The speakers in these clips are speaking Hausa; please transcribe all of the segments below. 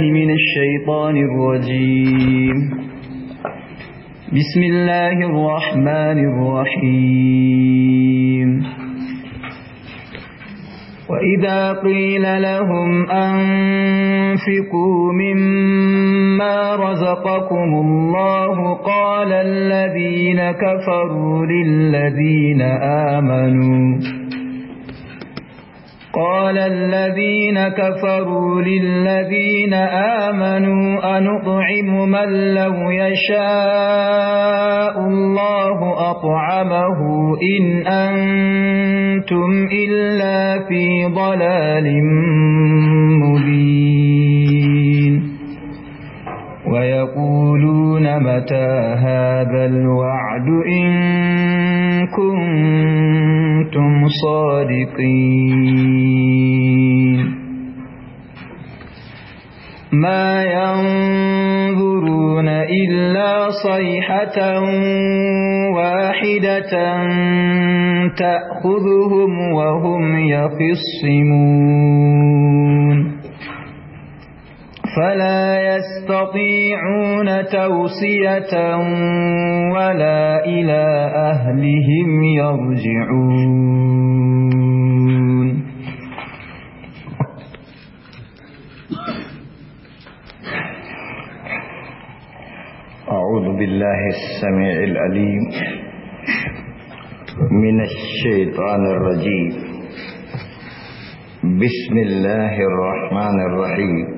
من الشيطان الرجيم بسم الله الرحمن الرحيم وإذا قيل لهم أنفقوا مما رزقكم الله قال الذين كفروا للذين آمنوا قال الذين كفروا للذين آمنوا أنطعم من لو يشاء الله أطعمه إن أنتم إلا في ضلال مبين ويقولون متى هذا الوعد إن كنتم صادقين ما ينظرون إلا صيحة واحدة تأخذهم وهم يخصمون فلا يستطيعون توصية ولا إلى أهلهم يرجعون أعوذ بالله السميع الأليم من الشيطان الرجيم بسم الله الرحمن الرحيم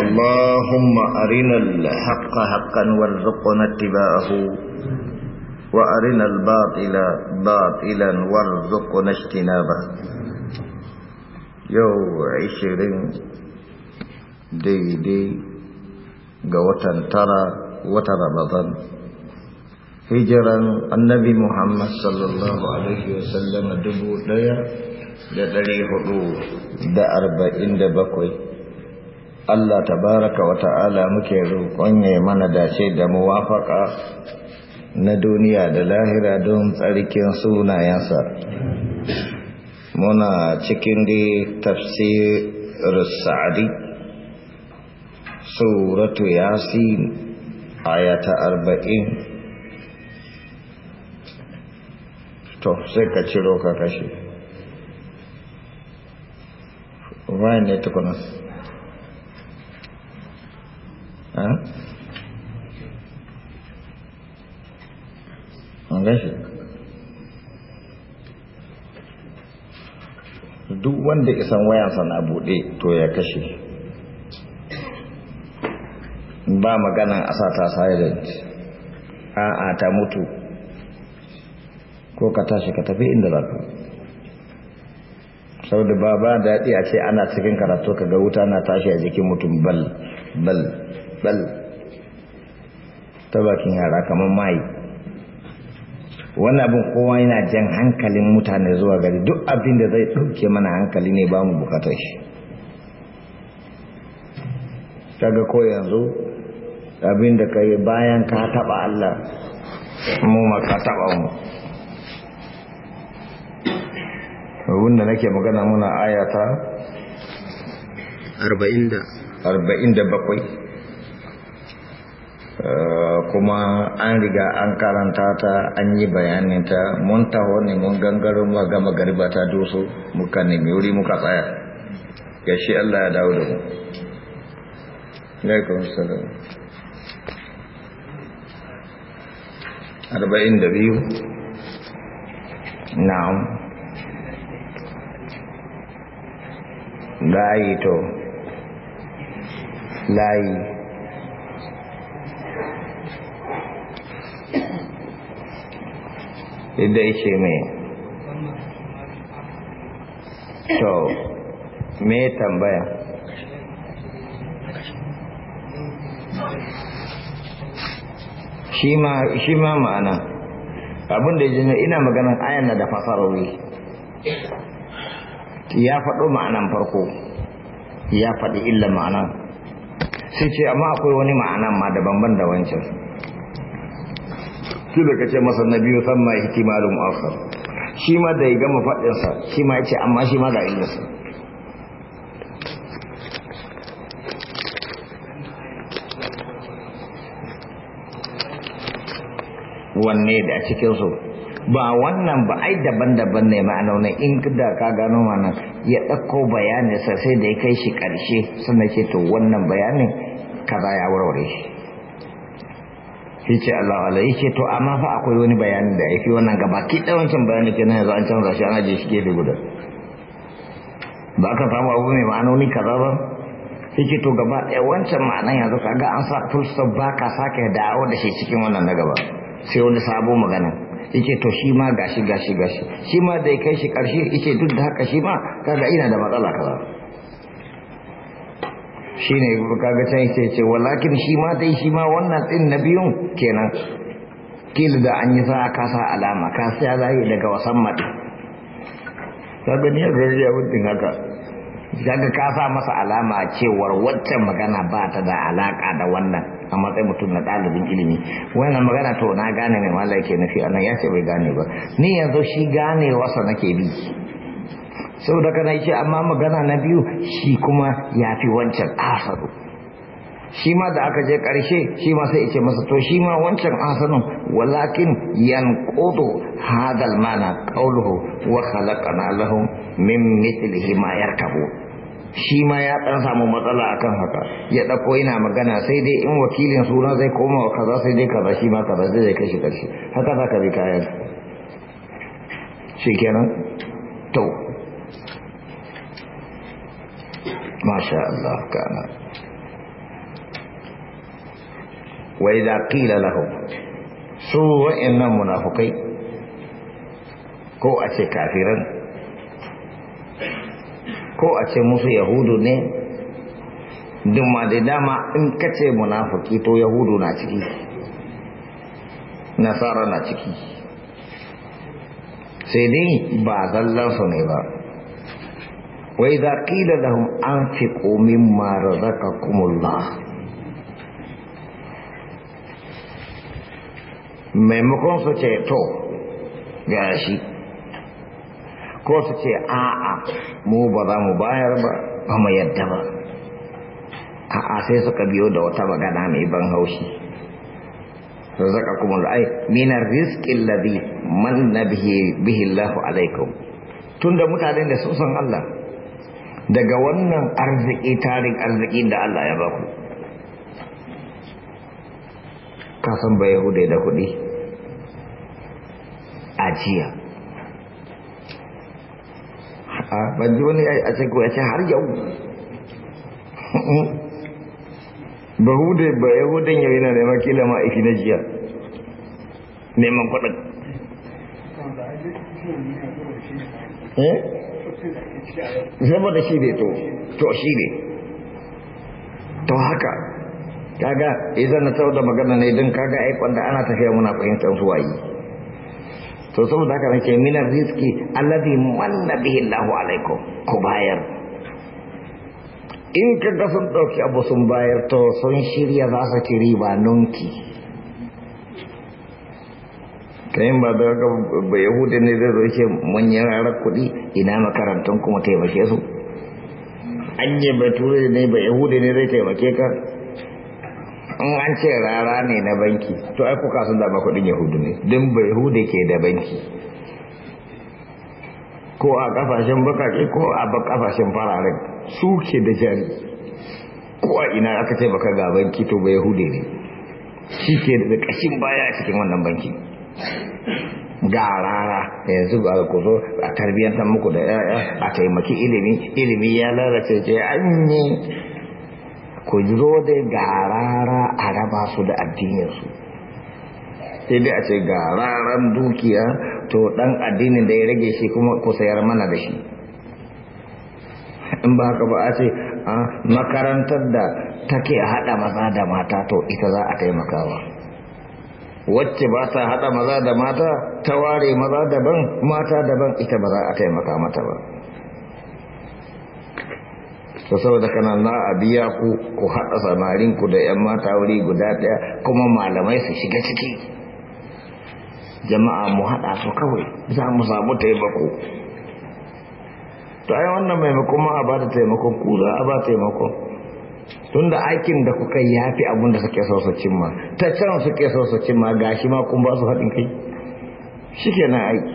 اللهم أرنا الحق حقا وارزقنا اتباعه وأرنا الباطل باطلا وارزقنا اجتنابه يو عشرين دي دي قوة ترى وترى hijiran annabi Muhammad sallallahu Alaihi wasallam dubu daya da dari hudu da arba'in da bakwai Allah tabaraka wa ta'ala muke roƙon ya mana dace da muwafaka na duniya da lahira don tsarkin sunayensa muna cikin da tafsir sa'adi suratu yasin ayata arba'in to sai ka ciro ka kashe wani ne tukunan duk wanda isan wayansa na buɗe to ya kashe ba a sa ta silent a'a ta mutu ko ka tashi ka tafi inda za ka saboda ba ba daɗi a ce ana cikin karatu ka ga wuta na tashi a jikin mutum bal bal bal ta bakin yara kamar mai wannan abin kowa yana jan hankalin mutane zuwa gari duk abin da zai ɗauke mana hankali ne ba mu bukatar shi daga ko yanzu abin da ka bayan ka taɓa Allah mu ka taɓa mu abin da nake magana muna ayata arba'in da bakwai Eh, kuma an riga an karanta ta an yi bayaninta mun taho ne mun gangaro mu gama gariba ta doso muka nemi wuri muka tsaya ya shi Allah ya dawo da mu alaikum salam arba'in da biyu na'am layi to layi yadda yake mai to me tambaya shi ma ma'ana abinda ya jini ina maganin ayan na da fasarori ya faɗo ma'anan farko ya faɗi illa ma'anan sai ce amma akwai wani ma'anan ma daban-ban da wancan shi da kace masa nabiyu samma ihtimalun akhar shi ma da ya gama fadin sa shi ma yace amma shi ma ga ilminsa wanne da cikin su ba wannan ba ai daban-daban ne na in da ka gano mana ya ɗauko bayanin sai da ya kai shi ƙarshe sannan ce to wannan bayanin kaza ya warware shi sai ce Allah Allah yake to amma fa akwai wani bayanin da yake wannan gaba ki da wancan bayanin kenan yanzu an canza shi an aje shi gefe guda ba ka samu abu mai ma'anoni kaza ba yake to gaba ɗaya wancan ma'anan yanzu kaga an sa full ba ka sake dawo da shi cikin wannan na gaba sai wani sabo magana yake to shi ma gashi gashi gashi shi ma da kai shi ƙarshe yake duk da haka shi ma kaga ina da matsala kaza shi ne kaga can yake ce walakin shi ma dai shi ma wannan ɗin na biyun kenan kila da an yi sa'a ka sa alama ka sa zai daga wasan mata ka gani yadda ya wuddin haka kaga ka sa masa alama cewar waccan magana ba ta da alaka da wannan a matsayin mutum na ɗalibin ilimi wannan magana to na gane mai mallake nufi anan ya ce bai gane ba ni yanzu shi gane wasa nake bi saboda kana ce amma magana na biyu shi kuma ya fi wancan asaru shi ma da aka je karshe shi ma sai ce masa to shi ma wancan asanin walakin yan yanqudu hadal mana qawluhu wa khalaqana lahum min mithlihi ma yarkabu shi ma ya dan samu matsala akan haka ya dauko yana magana sai dai in wakilin suna zai koma wa kaza sai dai kaza shi ma kaza zai kashi karshe haka zaka bi kayan shi kenan to masha Allah kana wa idza qila lahum su inna munafiqai ko a ce kafiran ko a ce musu yahudu ne dumma da dama in kace munafiki to yahudu na ciki nasara na ciki sai dai ba zallansu ne ba وإذا قيل لهم أنفقوا مما رزقكم الله maimakon su ce to gashi ko su ce a'a mu ba za mu bayar ba ba mu yadda ba a'a sai suka biyo da wata magana mai ban haushi zaka kuma ai minar rizqil ladhi man bihi bihi Allahu alaikum tunda mutanen da sun san Allah daga wannan arziki tarin arzikin da Allah ya baku kasan ba yahudai da kuɗi ajiya a banji wani a ce ya har yau ba yahudan yau yana neman kila ma'aiki na jiya neman kuɗin eh saboda shi ne to to shi ne to haka kaga idan na tsawon da magana ne don kaga aikon da ana tafiya muna fahimtar su wayi to saboda haka nake minar rizki alladhi manna bihi Allahu alaikum ku bayar in kaga sun dauki abu sun bayar to sun shirya za su ci riba nunki kayan ba da ga ba ne zai zo ce mun yi rarar kudi ina makarantun kuma taimake su an yi bature ne ba yahuda ne zai taimake ka in an ce rara ne na banki to ai kuka sun dama kudin yahudu ne don ba yahuda ke da banki ko a kafashen bakake ko a kafashen fararen su ke da jari ko a ina aka ce baka ga banki to ba ne shi ke da kashin baya cikin wannan banki ga rara yanzu ba ku zo a tarbiyyantar muku da yaya a taimaki ilimi ilimi ya lalace ce an yi ku zo da ga rara a raba su da addininsu sai dai a ce ga raran dukiya to dan addinin da ya rage shi kuma ku sayar mana da shi in ba haka ba a ce ah, makarantar da take haɗa maza da mata to ita za a taimakawa. wacce ba ta haɗa maza da mata ta ware maza daban mata daban ita ba za a taimaka mata ba to saboda kana na a biya ku ku haɗa samarin ku da 'yan mata wuri guda ɗaya kuma malamai su shiga ciki jama'a mu haɗa su kawai za mu samu taimako Ta yi wannan maimakon ma a ba ta taimakon ku za a ba taimakon Tunda aikin da kuka ya fi abinda da suke so su cimma ta can suke so su cimma ga shi ma kun ba su haɗin kai shi ke na aiki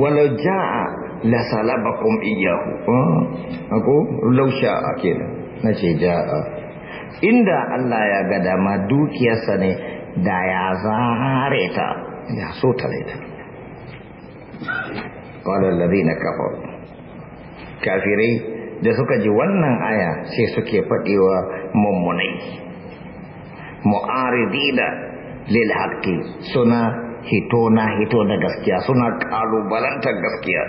wala ja'a la salabakum iyyahu hmm, ako lausha ake na ce ja'a inda Allah ya ga dama dukiyarsa ne da ya zahare ta ya so ta laita ta qala kafirai da suka ji wannan aya sai suke faɗewa mummunai mu'aridina lil haqqi suna hito na hito da gaskiya suna kalubalantar gaskiya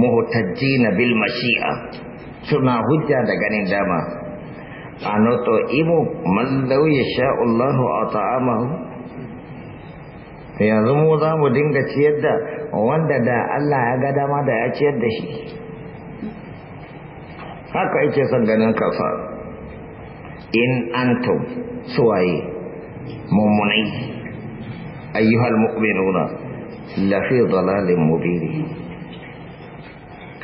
muhtajjina bil mashi'a suna hujja da ganin dama anoto imu man law yasha'u Allahu ata'amahu yanzu mu za mu dinga ciyar da wanda da Allah ya ga dama da ya ciyar da shi haka ake son ganin kafa in antum suwaye mummunai ayyuhal mu'minuna lafi dalalin mubini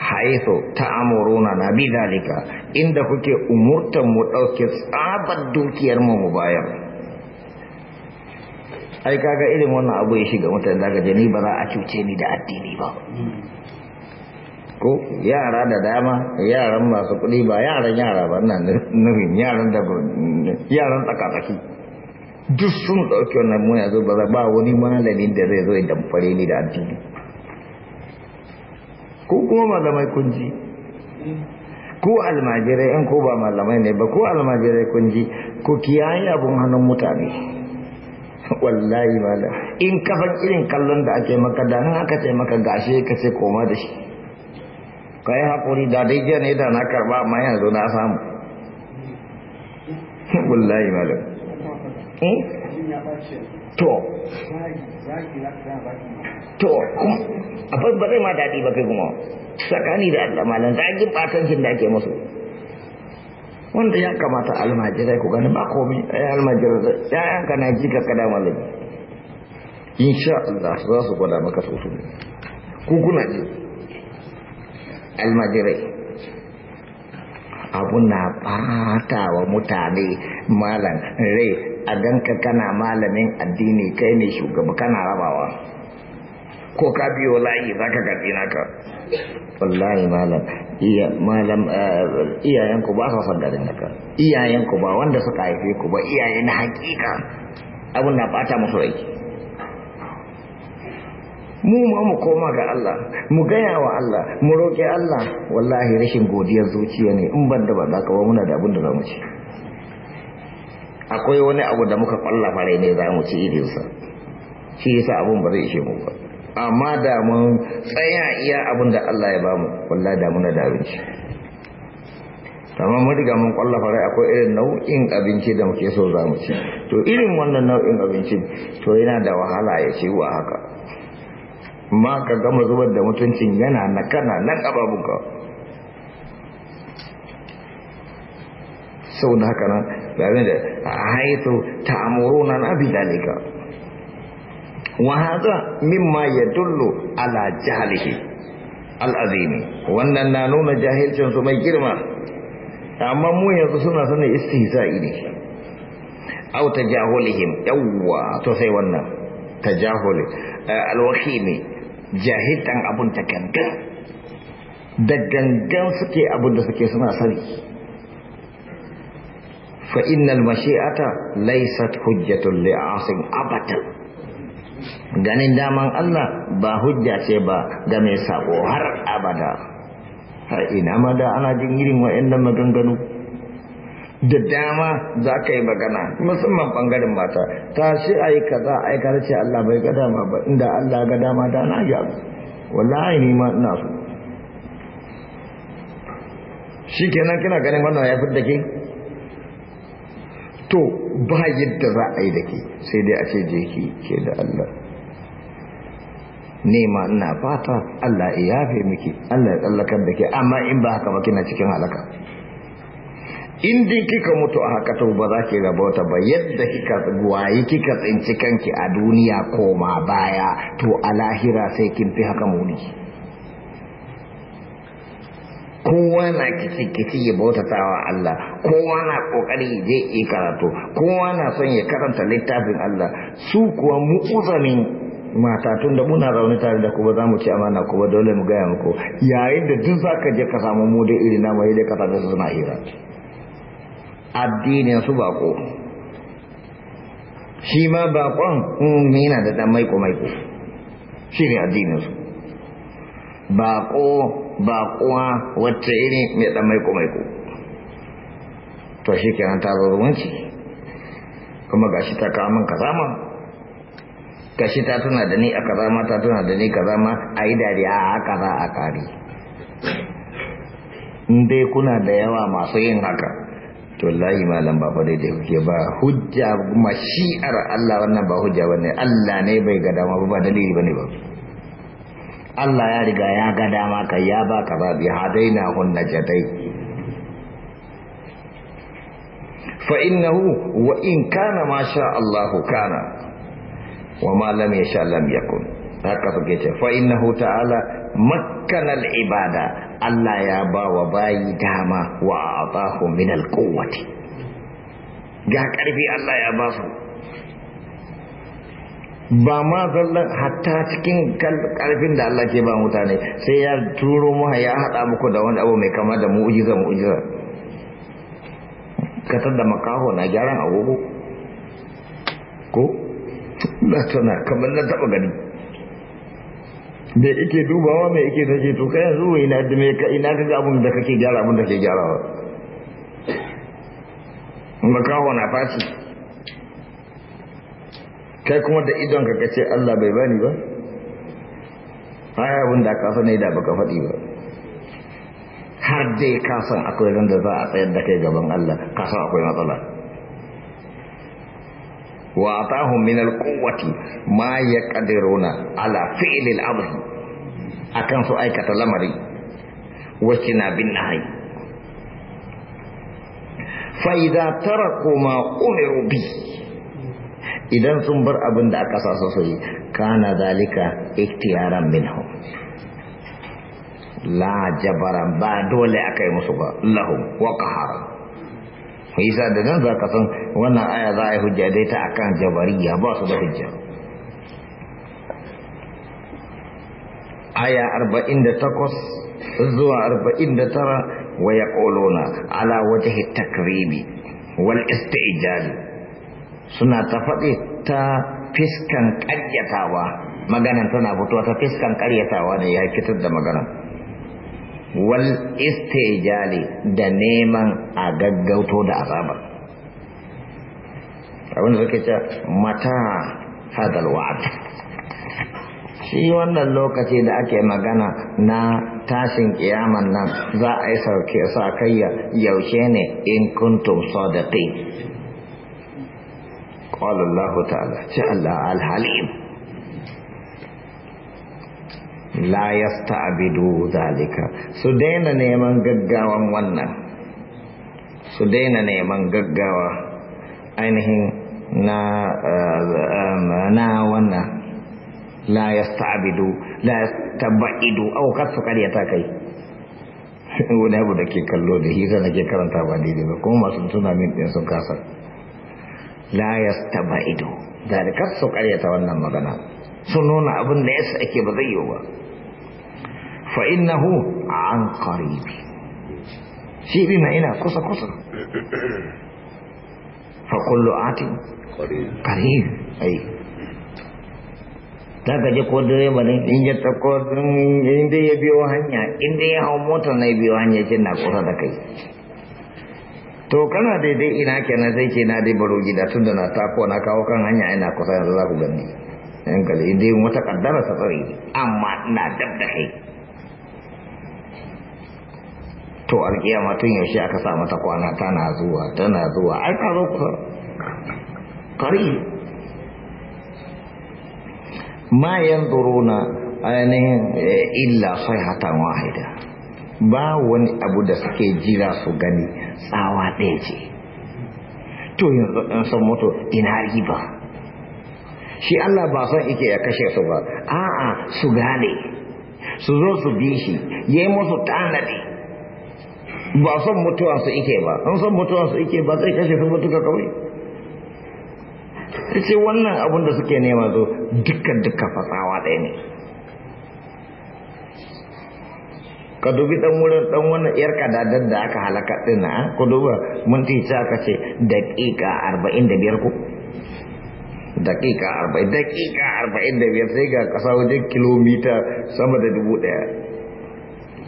ta Amuruna na bi dalika, inda kuke umurtanmu mu tsabar dukiyarmu mu bayan. ai kaga irin wannan abu ya shiga mutane zaka je ni ba za a cuce ni da addini ba ko yara da dama yaran masu kuɗi ba yaran yara ba na nufin yaran da yaran tsakatsaki duk sun ɗauki wannan mu yanzu ba ba wani malamin da zai zo ya damfare ni da addini ko kuma malamai kunji ko almajirai in ko ba malamai ne ba ko almajirai kunji ko kiyaye abun hannun mutane wallahi malam in kafan irin kallon da ake maka da nan aka ce maka gashi ka ce koma da shi ka yi haƙuri da dai jiya ne da na karba amma yanzu na samu wallahi malam eh? to to kuma abin ba zai ma daɗi ba kai kuma tsakani da Allah malam zagin batancin da ake musu wanda ya kamata almajirai ku gani ba komai ɗaya almajirai da ka na ji ka kada malami insha Allah za su gwada maka sosu ne ku kuna ji almajirai abu na ɓata wa mutane malam rai a danka kana malamin addini kai ne shugaba kana rabawa ko ka biyo layi za ka gaɗi naka wallahi malam iya malam eh, iyayen ku ba ka san garin naka iyayen ku ba wanda suka haife ku ba iyaye na hakika abun na bata musu rai mu ma mu koma ga Allah mu gaya wa Allah mu roƙi Allah wallahi rashin godiyar zuciya ne in ban da ba za ka ba muna da abin da za mu ci akwai wani abu da muka kwalla farai ne za mu ci irinsa shi yasa abun ba zai ishe mu ba amma da mun tsaya iya abin da Allah ya bamu kula da muna da abinci amma mun riga mun kwalla fara akwai irin nau'in abinci da muke so za mu ci to irin wannan nau'in abincin to yana da wahala ya ce wa haka ma ka gama zubar da mutuncin yana na kana nan ka. sau da haka nan da haitu ta amuru na bi dalika وهذا مما يدل على جهله العظيم wannan na nuna jahilcin su girma amma mu yanzu suna sanin istihza'i ne au tajahulihim yawwa to sai wannan tajahul eh, alwahimi jahiltan abun ta gangan da gangan suke abun da suke suna sani fa innal mashi'ata laysat hujjatun li'asin abadan ganin daman Allah ba hujja ce ba ga mai sako har abada har ina ma da ana jin irin wa'annan maganganu da dama za ka yi magana musamman bangaren mata ta shi a yi kaza a yi kaza Allah bai ga dama ba inda Allah ga dama da na yi abu wallahi ni ma ina so shi kenan kina ganin wannan ya fi da ke to ba yadda za a yi da ke sai dai a ce je ki ke da Allah nema ina fata Allah ya yafe miki Allah ya tsallakar da ke amma in ba haka ba kina cikin halaka in dai kika mutu a haka to ba za ki raba wata ba yadda kika gwayi kika tsinci kanki a duniya koma baya to a lahira sai kin fi haka muni kowa na kici-kici ya bautata wa Allah kowa na kokari ya je yi karatu kowa na son ya karanta littafin Allah su kuwa uzamin mata tun da muna rauni tare da kuma zamu ci amana kuma dole mu gaya muku yayin da duk za ka je ka samu mu da iri na mai dai ka same su suna hira addinin su bako shi ma bakon yana mm, da dan maiko maiko shi ne addinin su bako ba kuwa wata iri mai dan maiko maiko to shi ke ta zo zumunci kuma gashi ta kawo kazama kaza gashi ta tuna da ni a kazama ta tuna da ni kazama a yi dariya a haka za a kare in dai kuna da yawa masu yin haka to lahi malam ba fadai da kuke ba hujja shi'ar Allah wannan ba hujja bane Allah ne bai ga dama ba dalili bane ba Allah ya riga ya ga dama ka ya baka ba bi na hunna jadai fa innahu wa in kana ma sha Allah kana wa ma lam yasha lam yakun haka fage ce fa innahu ta'ala makkana al-ibada Allah ya ba wa bayi dama wa atahu min al-quwwati ga karfi Allah ya ba su ba ma zallar hatta cikin karfin da Allah ke ba mutane sai ya turo mu ya haɗa muku da wani abu mai kama da mu'ujiza mu'ujiza katar da makaho na gyaran agogo ko na tana kamar na taɓa gani da ike dubawa mai ike take to kai yanzu ina da me ka ina kaga abun da kake gyara abun da kake gyarawa makaho na fashi kai kuma da idon ka ce Allah bai bani ba ai abin da ka sani da baka faɗi ba har dai ka san akwai randa za a tsayar da kai gaban Allah ka san akwai matsala wa atahum min alquwwati ma yaqdiruna ala fi'li al-amr akan su aikata lamari wa kina bin nahi fa idza taraku ma umiru bi idan sun bar abin da aka sasa su yi kana zalika ikhtiyaran minhu la jabaran ba dole aka yi musu ba lahum wa qaharan yasa da nan za ka san wannan aya za a yi hujja dai ta akan jabariya ba su da hujja aya 48 zuwa 49 wa yaquluna ala wajhi takribi wal isti'jali suna ta faɗi ta fiskan ƙaryatawa maganan tana fitowa ta fiskan ƙaryatawa ne ya fitar da magana. wal istijali da neman a gaggauto da azaba abin da suke ce mata hadal wa'ad shi wannan lokaci da ake magana na tashin kiyaman nan za a yi sauke sa kayya yaushe ne in kuntum sadiqin قال الله تعالى جعل الحليم لا يستعبدوا ذلك daina neman gaggawan wannan su daina neman gaggawa ainihin na na wannan la yasta'bidu la taba'idu au kasu ta kai wani abu da ke kallo da na ke karanta ba daidai ba kuma masu tuna min din sun kasa la yastaba'idu dalikar su karyata wannan magana sun nuna abin da yasa ake ba zai yi ba fa innahu an qaribi shi na ina kusa kusa fa kullu atin qarib ai Da je ko direba ne in ya tsako in dai ya biyo hanya in dai ya hau mota na biyo hanya kin na kusa da kai to kana daidai ina kenan zai ce na dai baro gida tun da na tako na kawo kan hanya ina kusa yanzu za ku gani yan kalli yin wata kaddara ta tsari amma na dab da kai to alkiyama tun yaushe aka sa mata kwana tana zuwa tana zuwa ai ka zo ku kari ma yanzuruna ainihin eh, illa sai sayhatan wahida ba wani abu da suke jira su gani tsawa ɗaya ce to yanzu ɗan san mutu ina riba shi Allah ba son ike ya kashe su ba a'a su gane su zo su bi shi ya yi musu tanadi ba son mutuwa su ike ba an son mutuwa su ike ba zai kashe su mutuka kawai ce wannan abin da suke nema zo dukkan dukkan fasawa ɗaya ne ka dubi dan wurin dan wannan yar kadadar da aka halaka din na ah, ku duba minti ta ka ce daƙiƙa arba'in da biyar ku daƙiƙa arba'in daƙiƙa 45 da biyar sai ga kasa wajen kilomita sama da dubu ɗaya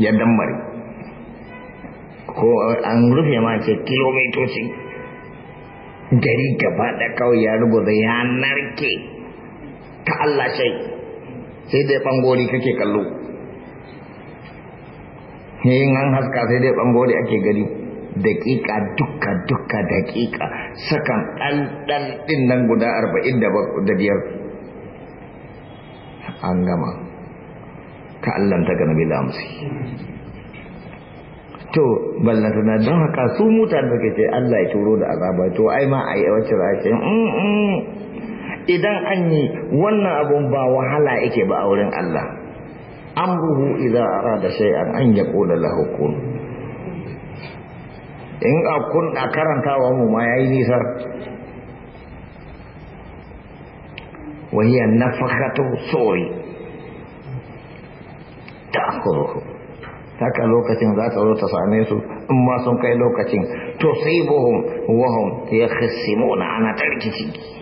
ya mari ko an rufe ma ce kilomitoci gari gaba da kawai ya rubuta yanar ke ka Allah shai sai dai bangori kake kallo yin an haska sai dai bangore ake gani daƙiƙa dukka dukka daƙiƙa sakan ɗan ɗin nan guda arba'in da biyar an gama ka allanta ga nabi lamsi to ballanta na don haka su mutan da ke ce allah ya turo da azaba to ai ma a yi wacce rashin mm, mm. idan an yi wannan abun ba wahala yake ba a wurin allah amruhu idza arada shay'an an yaqula lahu kun in a kun a karantawa mu ma yayi nisa wa hiya nafakhatu suri ta'khuruhu haka lokacin za ta zo ta same su in ma sun kai lokacin to sai buhum wa hum yakhsimuna ana tarkici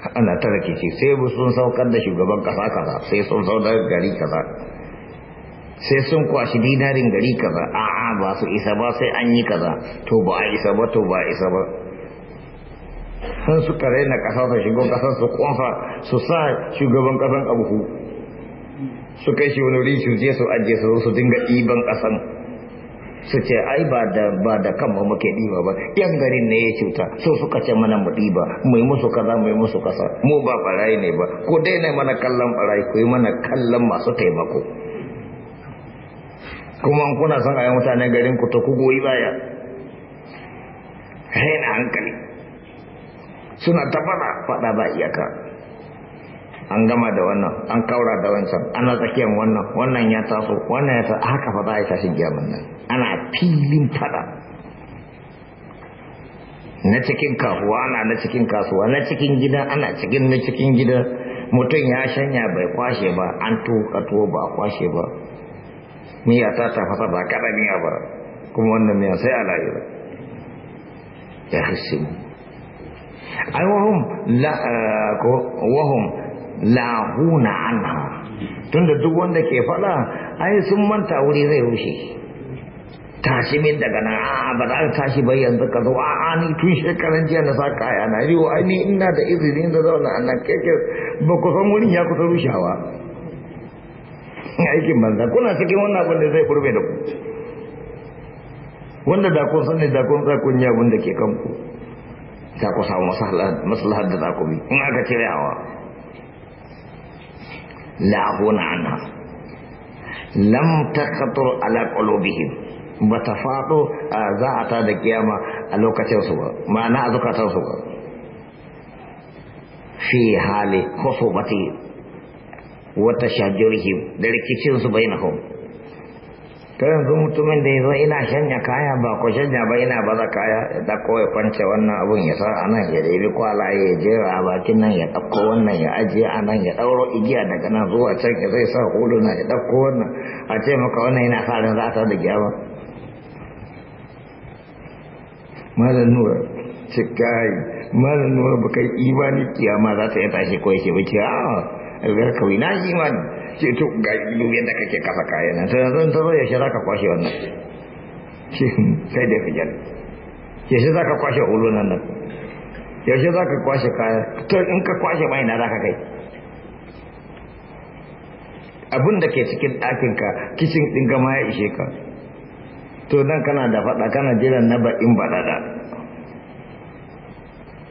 ana ta rikici sai sun saukar da shugaban kasa kaza sai sun saukar da gari kaza sai sun kwashi dinarin gari kaza a'a ba su isa ba sai an yi kaza to ba a isa ba to ba a isa ba sun kare na kasa su shigo kasa su kwafa su sa shugaban kasan abu su kai shi wani wuri su je su ajiye su su dinga iban kasan su ce ai ba da ba da kanmu muke diba ba yan garin ne ya cuta so suka ce mana mu diba mu yi musu kaza mu yi musu kasa mu ba barai ne ba ko ne mana kallon barai ko yi mana kallon masu taimako kuma an kuna san a mutane garin ku to ku goyi baya raina hankali suna ta faɗa fada ba iyaka an gama da wannan an kaura da wancan ana tsakiyar wannan wannan ya taso wannan ya haka fa za a yi tashin giyamin nan ana filin fada na cikin kahuwa ana na cikin kasuwa na cikin gida ana cikin na cikin gida mutum ya shanya bai kwashe ba an tuka tuwo ba kwashe ba miya ta fasa ba kada miya ba kuma wannan miya sai a lahira ya hasi mu ai wahum la eh, ko wahum lahuna anha tunda duk wanda ke fada ai sun manta wuri zai rushe tashi min daga nan a ba za ka tashi ba yanzu ka zo a ni tun shekaran jiya na sa kaya na yi wa ni ina da izini da zauna a nan keke ba ku san wurin ya kusa rushawa aikin banza kuna cikin wannan abin da zai kurbe da ku wanda da kun sani da kun sa kun yi abin da ke kanku za ku samu maslahar da za ku bi in aka cirewa la'ahuna anha lam takatur ala qulubihim ba ta faɗo za a ta da kiyama a lokacinsu ba ma'ana a zukatansu ba fi hali khusubati wa tashajjurihim da rikicinsu hau ta yanzu mutumin da ya zo ina shanya kaya ba ku shanya ba ina baza kaya ya dako ya kwance wannan abun ya sa a nan ya ɗebi kwalaye ya jera a bakin nan ya ɗauko wannan ya ajiye a nan ya ɗauro igiya daga nan zuwa can ya zai sa huluna ya ɗauko wannan a ce maka wannan yana sa ran za ta da gyara malar nura ta kai malar nura ba kai imani kiyama za ta yi tashi ko yake ba ah, a algar kawai na shi ma ce to ga ilu yadda kake kafa kayan nan sai zan ta ya shira ka kwashe wannan ce kai da fijar yaushe za ka kwashe hulunan nan yaushe za ka kwashe kayan to in ka kwashe mai na za ka kai abin da ke cikin ɗakinka kicin ɗin gama ya ishe ka to dan kana da faɗa kana jiran na baƙin baɗaɗa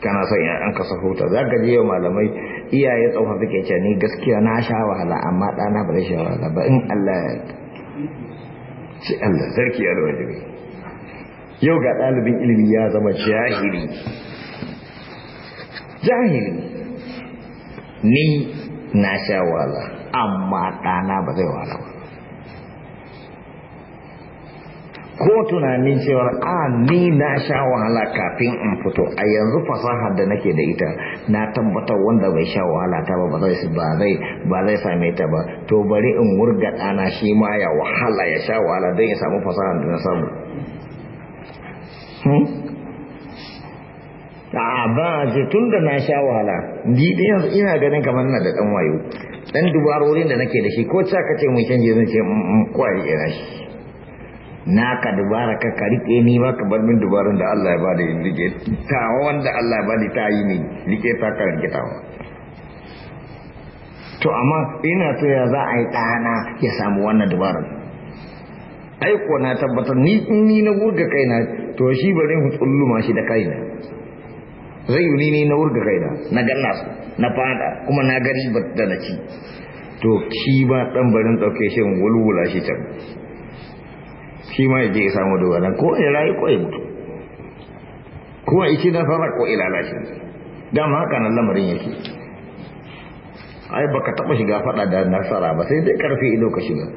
kana son ‘ya'yan ka huta za ka je malamai iyaye tsofa suke ce ni gaskiya na sha wahala amma ɗana ba zai sha wahala ba in Allah ya ci Allah sarki ya rawa jiri yau ga ɗalibin ilimi ya zama jahili jahili ni na sha wahala amma ɗana ba zai wahala ba ko tunanin cewar a ni na sha wahala kafin in fito a yanzu fasahar da nake da ita na tabbatar wanda bai sha wahala ta ba zai ba zai ba zai same ta ba to bari in wurga ɗana shi ma ya wahala ya sha wahala don ya samu fasahar da na samu hmm? a ba ce tun da na sha wahala ni yanzu ina ganin kamar na da ɗan wayo ɗan dubarorin da nake da shi ko caka ce mun canje zan ce mm, mm, mm, kwari ina shi naka dubara ka ka rike ni ba ka bar min dubaran da Allah ya bada yin rike ta wanda Allah ya bada ta yi ni rike ta ka rike ta to amma ina so ya za a yi ɗana ya samu wannan dubaran ai ko na tabbatar ni in ni na wurga kaina to shi bari mu tsulluma shi da kaina zai yi ni na wurga kaina na ganna su na fada kuma na gari ba da na ci to shi ba ɗan barin ɗauke shi wulwula shi can shi ma ya ya samu dogara ko ya rayu ko ya mutu ko ya ci fara ko ya lalace dama haka nan lamarin yake ai baka taba shiga fada da nasara ba sai dai karfi ido ka shiga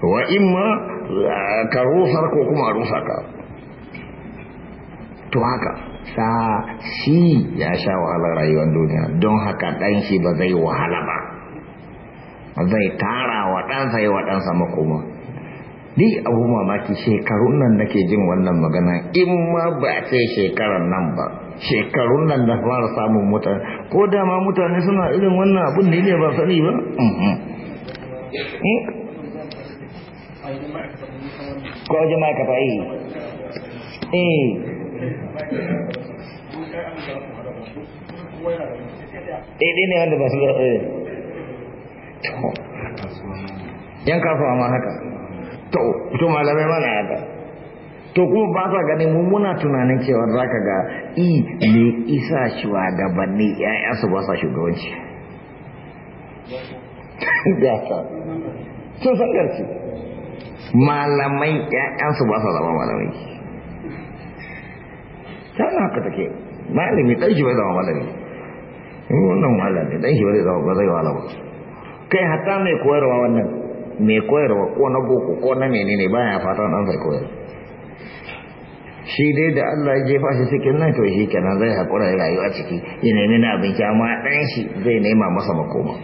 wa imma ka rusar ko kuma rusa ka to haka sa shi ya sha wahalar rayuwar duniya don haka dan shi ba zai wahala ba zai tara wa ɗansa yi wa ɗansa makoma ni abu mamaki shekarun nan nake jin wannan magana in ma ba ce shekaran nan ba shekarun nan da fara samun mutane ko dama mutane suna irin wannan abun ne ba sani ba mm-hmm. hmm? ko wajen ma'aikata yi eh ɗaya eh. eh, ne wanda ba su da eh. yan kafa ma haka to to malamai mana haka to kuma ba sa ganin mu muna tunanin cewa za ka ga i ne isa gabanni ya'ya su ba sa shugabanci gasa sun san garci malamai ya'yan su ba sa zama malamai kana haka take malami dan shi bai zama malami in wannan malami dan shi bai zama ba zai wala ba kai hatta mai koyarwa wannan mai koyarwa ko na boko ko na menene baya fatan an zai koyar shi dai da Allah ya jefa shi cikin nan to shi kenan zai haƙura a ciki ya nemi na abinci amma ɗan shi zai nema masa makoma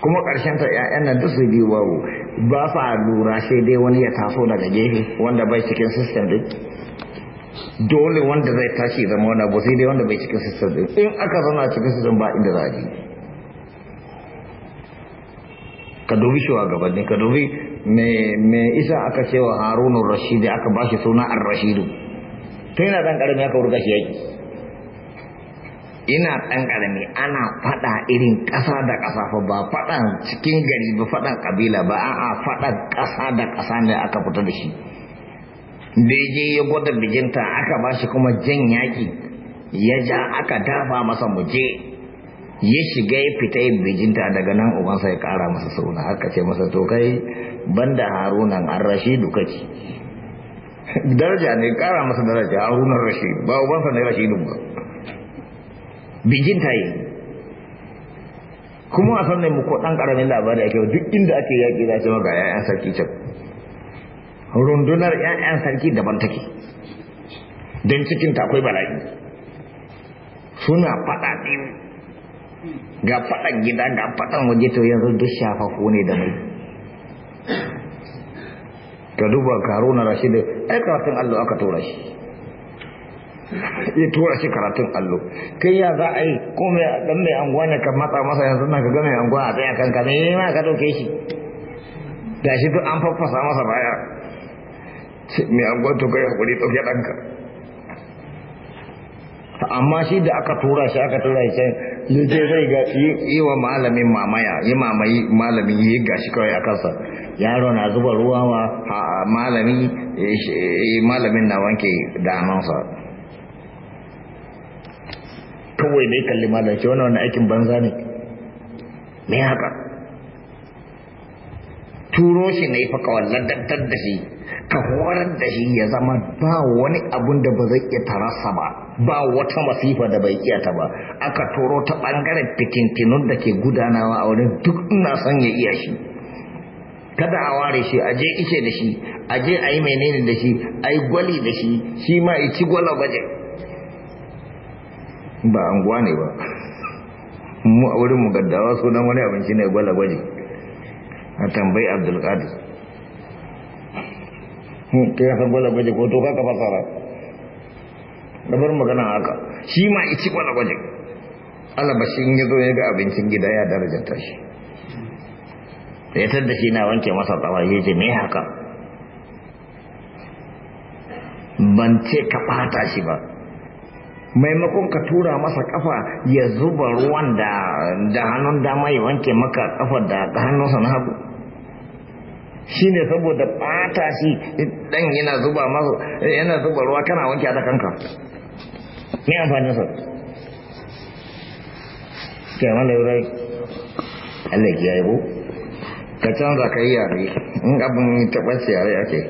kuma ƙarshen ta ƴaƴan nan duk su biyu wawo ba sa lura sai dai wani ya taso daga gefe wanda bai cikin system din dole wanda zai tashi zama wani abu sai dai wanda bai cikin system din in aka zama cikin system ba inda za a je ka dubi gabanni ka dubi me isa aka cewa Harunu rashidi aka ba shi suna an rashidu tun yana ɗan ƙarami aka wurga shi yaki ina ɗan ƙarami ana faɗa irin ƙasa da ƙasa fa ba faɗan cikin gari ba faɗan ƙabila ba a'a faɗan ƙasa da ƙasa ne aka fita da shi da ya je ya gwada bijinta aka ba shi kuma jan yaki ya ja aka dafa masa muje ya shiga ya fita yin bijinta daga nan ubansa ya kara masa suna haka ce masa to kai banda harunan an duka ce daraja ne kara masa daraja harunan rashi ba ubansa ne rashi duka bijinta yi kuma a sannan muku dan karamin labari ake duk inda ake yaƙi za ce maka ya'yan sarki can rundunar ya'yan sarki daban take don cikin ta akwai bala'i suna faɗa biyu ga faɗan gida ga faɗan waje to yanzu duk siapa pun da dah. ka duba karuna rashidu ai karatun allo aka tura shi ya tura shi karatun allo kai ya za a yi ko mai dan mai ka matsa masa yang na ka ga mai anguwa a tsaya kanka me ne ma ka dauke shi gashi duk an faffasa masa baya mai anguwa to kai hakuri dauke amma shi da aka tura shi aka tura shi ce, zai ga yi wa malamin mamaya yi mamayi malamin yi gashi kawai a kansa yaro na zuba ruwa wa malami eh, eh, malamin na wanke damansa kawai dai kalli malam wani wannan aikin banza ne me haka turo shi na yi faka ladantar da shi ka horar da shi ya zama ba wani abun da ba zai iya tarasa ba ba wata masifa da bai iya ta ba aka toro ta bangaren fitintinun da ke gudanawa a wurin duk ina son ya iya shi kada a ware shi a je ice da shi a je a yi menene da shi a yi gwali da shi shi ma ya ci gwala baje ba an ne ba mu a wurin mu gaddawa sunan wani abinci ne gwala baje a tambayi abdulkadir hmm, kai san gwala baje ko to ka fasara da bar magana haka shi ma ici kwana gwaje. alabashi in ya ya ga abincin gida ya darajanta shi da ya tadda shi na wanke masa tsawa ya ce me haka ban ce ka ɓata shi ba maimakon ka tura masa kafa ya zuba ruwan da hannun dama ya wanke maka kafa da hannunsa na hagu shi ne saboda fata shi dan yana zuba ruwa kana wanke da kanka me amfanin sa ke ma laurai Allah ya yi ko ka canza ka yi yare in abin taɓar yare ake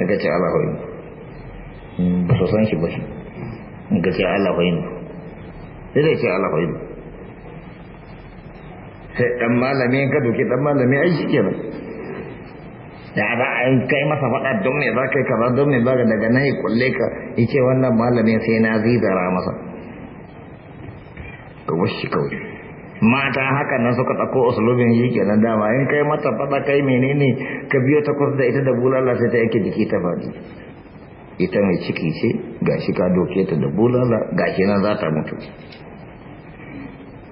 daga ce Allah hoyi hmm, ba su san shi ba shi daga ce Allah hoyi sai da ce Allah hoyi sai ɗan malami ka doke ɗan malami ai shi ke ba da ba a kai masa faɗa don me za ka yi kaza don me zaka daga nan ya kulle ka yace wannan malamin sai na zizara masa ka washi kawai mata haka nan suka ɗauko usulubin yi kenan dama in kai mata faɗa kai menene ka biyo ta kusa ita da bulala sai ta yake jiki ta faɗi ita mai ciki ce gashi ka doke ta da bulala gashi nan za ta mutu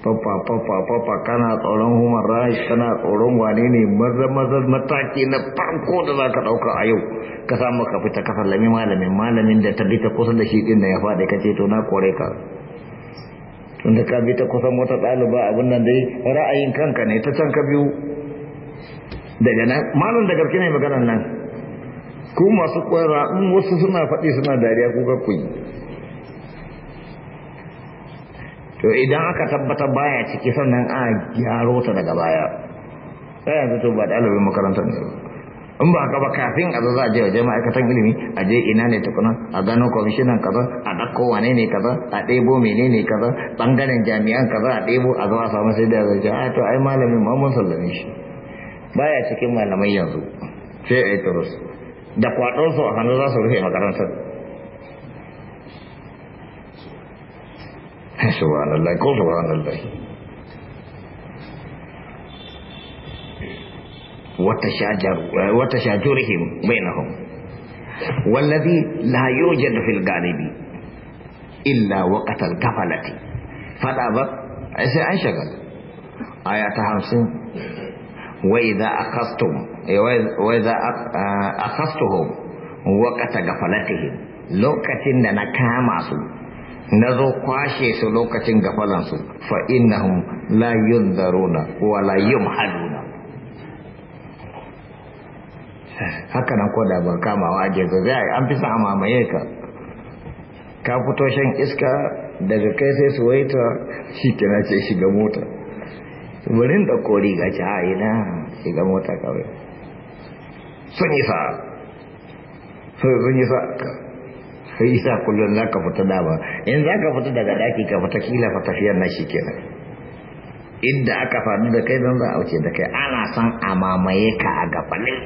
Papa papa papa kana tsoron human rights kana tsoron wane ne maza maza mataki na farko da za ka ɗauka a yau ka samu ka fita ka sallami malamin malamin da ta bita kusan da shi din da ya faɗi ka ce to na kore ka tunda ka bi ta kusan wata ɗaliba abin nan dai ra'ayin kanka ne ta can ka biyu daga nan malam da garki ne maganar nan ku masu koyarwa in wasu suna faɗi suna dariya ku ka ku yi to idan aka tabbata baya ciki sannan a gyaro ta daga baya sai ya to ba ɗalibin makarantar ne in ba ka ba kafin a za a je waje ma'aikatan ilimi a je ina ne tukuna a gano kwamishinan kaza a ɗauko wane ne kaza a ɗebo mene ne kaza ɓangaren jami'an kaza a ɗebo a zo a samu sai da zai a to ai malamin ma mun sallame shi baya cikin malamai yanzu sai a yi turus da kwaɗonsu a hannu za su rufe makarantar سبحان الله قل سبحان الله وتشاجر وتشاجرهم بينهم والذي لا يوجد في الغالب إلا وقت فلا فلابد عسى أن شغل آيات حمسين وإذا أخذتم وإذا أخذتهم وقت غفلتهم لوكتين أنا كاماسون na zo kwashe su lokacin gafalansu fa innahum la yunzaruna wa la yumhaluna haka nan koda ba wa ake zo zai an fi sa mamaye ka ka fito shan iska daga kai sai su waita shi kina ce shiga mota wurin da kori ga ci a ina shiga mota kawai sun yi sa sun yi sa sai isa kullum za ka fita dama in za ka fita daga daki ka fita kila fa tafiyar na shi kenan inda aka faɗi da kai don za a wuce da kai ana san a mamaye ka a gabanin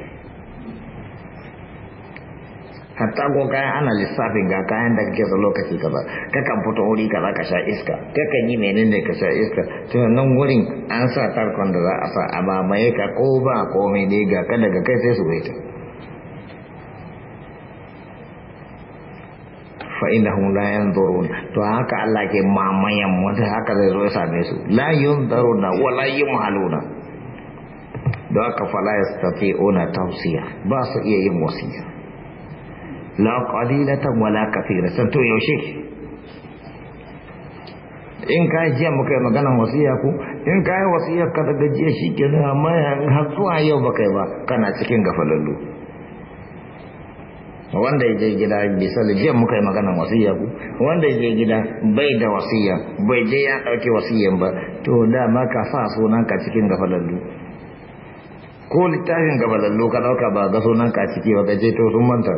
hatta ko kayan ana lissafin ga kayan da kake lokaci kaza ka kan fito wuri za ka sha iska ka kan yi menene ka sha iska tun nan wurin an sa tarkon da za a sa a mamaye ka ko ba komai ne ga ka daga kai sai su ta. fa innahum la yanzurun to haka Allah ke mamayan wanda haka zai zo ya same su la yanzuruna wa la yumhaluna don haka la yastati'una tawsiya ba su iya yin wasiya la qalilatan wa la san to yaushe in ka yi jiya muka yi maganan wasiya ku in ka yi wasiyar ka daga jiya shi ke amma har zuwa yau baka yi ba kana cikin gafalallu wanda ya je gida misali jiya muka yi magana wasiya ku wanda ya je gida bai da wasiya bai je ya ɗauki wasiyan ba to dama ka sa sunan ka cikin gafalallu ko littafin gafalallu ka ɗauka ba ga sunan ka ciki ba gaje to sun manta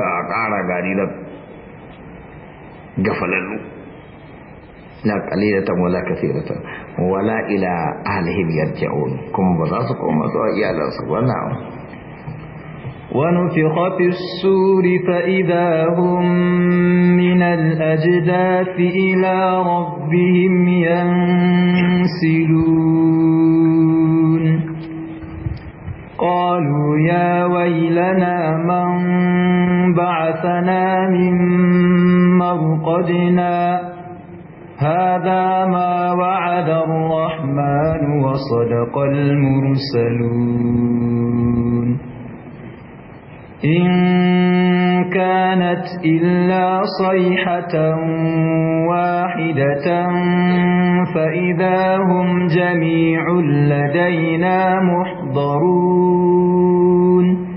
a ƙara gari nan gafalallu mola ka wala ta wala ila ahlihim yarji'un kuma ba za su koma zuwa iyalansu wannan ونفخ في السور فإذا هم من الأجداث إلى ربهم ينسلون قالوا يا ويلنا من بعثنا من مرقدنا هذا ما وعد الرحمن وصدق المرسلون إن كانت إلا صيحة واحدة فإذا هم جميع لدينا محضرون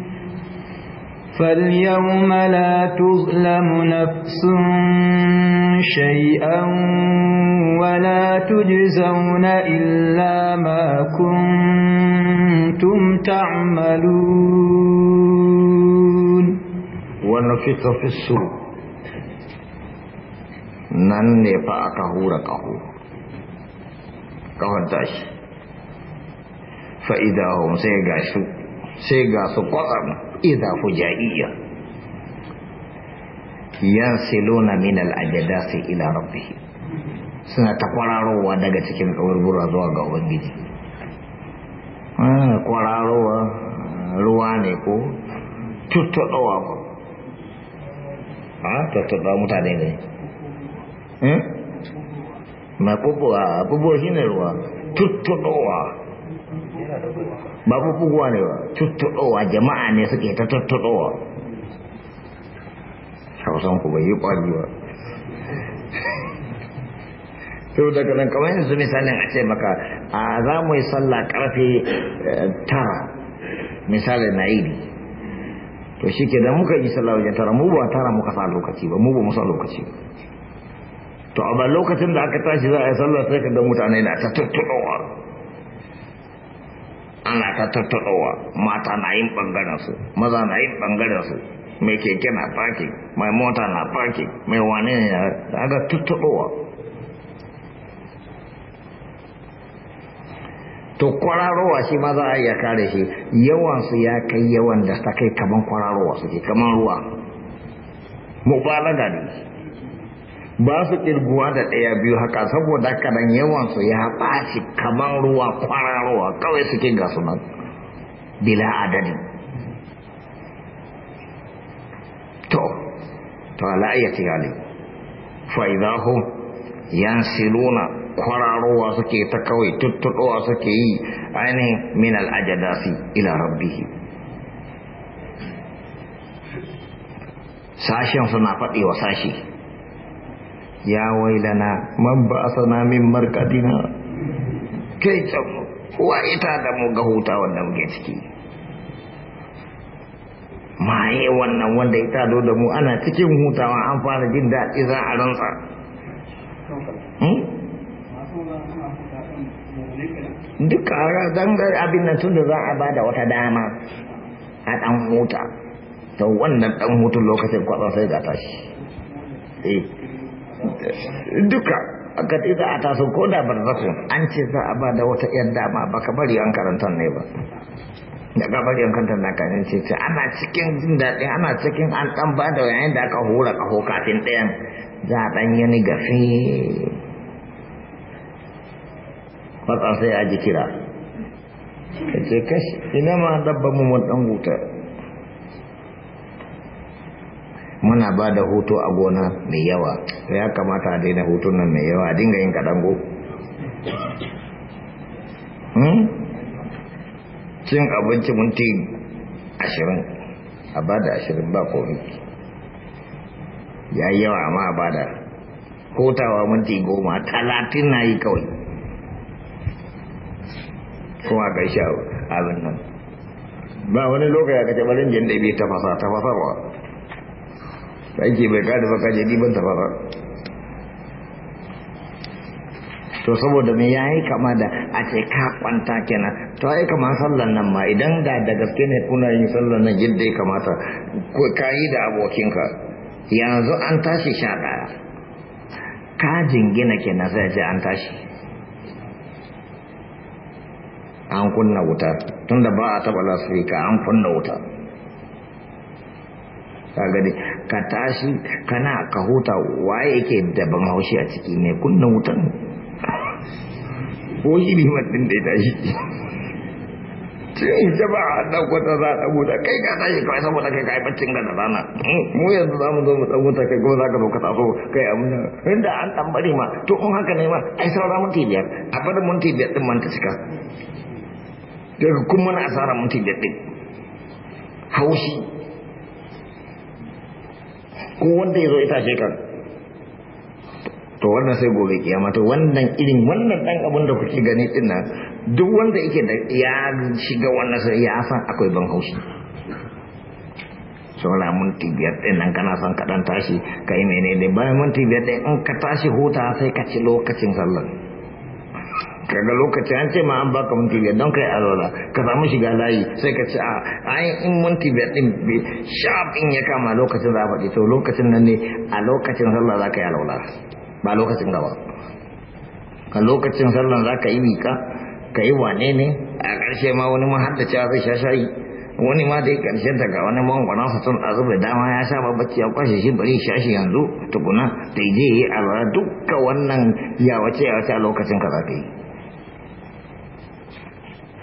فاليوم لا تظلم نفس شيئا ولا تجزون إلا ما كنتم تعملون ونفخ في السور nan a fa aka hura ƙaho ƙahon tashi fa'idahun sai ga su sai ga su kwatsam idha fujaiya yansiluna suna ta kwararowa daga cikin kaburbura zuwa ga ubangiji ah, kwararowa ruwa ne ko tuttuɗowa a tattaɓa mutane ne ma kubuwa kubuwa shi ne ruwa tuttuɗowa ba kubuwa ne ba tuttuɗowa jama'a ne suke ta tuttuɗowa hausan ku bai yi ƙwari ba to daga nan kamar yanzu misalin a ce maka a ah, za mu yi sallah karfe eh, tara misalin na yi to shi ke da muka yi sallah wajen tara mu ba tara muka sa lokaci ba mu ba musa lokaci to amma lokacin da aka tashi za a yi sallah sai ka ga mutane na ta an ana ta tattaɗawa mata na yin ɓangaren su maza na yin ɓangaren su mai keke na parking mai mota na parking mai wane ne na ga to kwararowa shi ma za a iya kare shi yawansu ya kai yawan da ta kai kaman kwararowa suke kaman ruwa mubalaga ne ba su kirguwa da ɗaya biyu haka saboda haka yawan su ya ɓaci kaman ruwa kwararowa kawai suke ga nan bila adadi to to ala ayati hali fa idahu yansiluna kwararowa suke ta kawai tuttuɗowa suke yi ainihin min al'ajadasi ila rabbihi sashen suna faɗi wa sashi ya wailana man ba sana min markadina kai can wa ita da mu ga huta wanda muke ciki yi wannan wanda ya tado da mu ana cikin hutawa an fara jin daɗi za a rantsa hmm? duk ƙara dangar abin nan tun da za a ba da wata dama a ɗan huta to wannan ɗan hutun lokacin kwaɗon sai ga tashi eh. duka aka ce za a taso ko da barzakun an ce za a ba da wata ‘yar dama ba ka bari an karanta ne ba da an kanta na ka ce ce ana cikin jin daɗi ana cikin an ɗan ba da yayin da aka hura ƙaho kafin ɗayan za a ɗan yi ni gafi matsa sai a ji kira ka ce kashi ina ma dabba mu mun dan huta muna ba da hoto a gona mai yawa ya kamata a daina hoton nan mai yawa a dinga yin kaɗango. Hmm? cin abinci minti ashirin a ba da ashirin ba komi ya yi yawa amma a ba da hotawa minti goma talatin na yi kawai kuma shi abin nan ba wani lokaci aka ce barin jin da bai tafasa tafasarwa aiki bai kada baka je diban tafasa to saboda me yayi kama da a ce ka kwanta kenan to ai kama sallan nan ma idan da da gaske ne kuna yin sallan nan yadda ya kamata ko kai da abokinka yanzu an tashi sha daya ka jingina kenan sai ce an tashi an kunna wuta tunda ba a taɓa ka an kunna wuta ka gani ka tashi kana ka huta waye yake da ban haushi a ciki ne kunna wutan ko shi ne ɗin da ya tashi ba a dan kwata za a wuta kai ka tashi kawai saboda kai kai baccin gada rana mu yanzu za mu zo mu wuta kai kuma za ka zo ka taso kai a muna inda an ɗan bari ma to in haka ne ma ai saura mun biyar a bari minti biyar ɗin man ta cika daga kuma na asara mutum da ɗin haushi ko wanda ya zo ita ce kan to wannan sai gobe kiyama to wannan irin wannan ɗan abin da kuke gani ɗin nan duk wanda yake da ya shiga wannan sai ya san akwai ban haushi na minti biyar ɗin nan kana son kaɗan tashi ka yi ne bayan minti biyar ɗin in ka tashi huta sai ka ci lokacin sallar kaga lokacin an ce ma an baka mun biyar don kai alwala ka samu shiga layi sai ka ce a ai in mun biyar din sharp in ya kama lokacin za a faɗi to lokacin nan ne a lokacin sallah za ka yi alwala ba lokacin gaba a lokacin sallah za ka yi wika ka yi wane ne a ƙarshe ma wani ma har da cewa zai sha shayi wani ma dai ƙarshen daga wani mangwana sa sun azu da dama ya sha babbaci ya kwashe shi bari sha shi yanzu tukuna da je yi alwala dukka wannan ya wace ya wace a lokacin ka za ka yi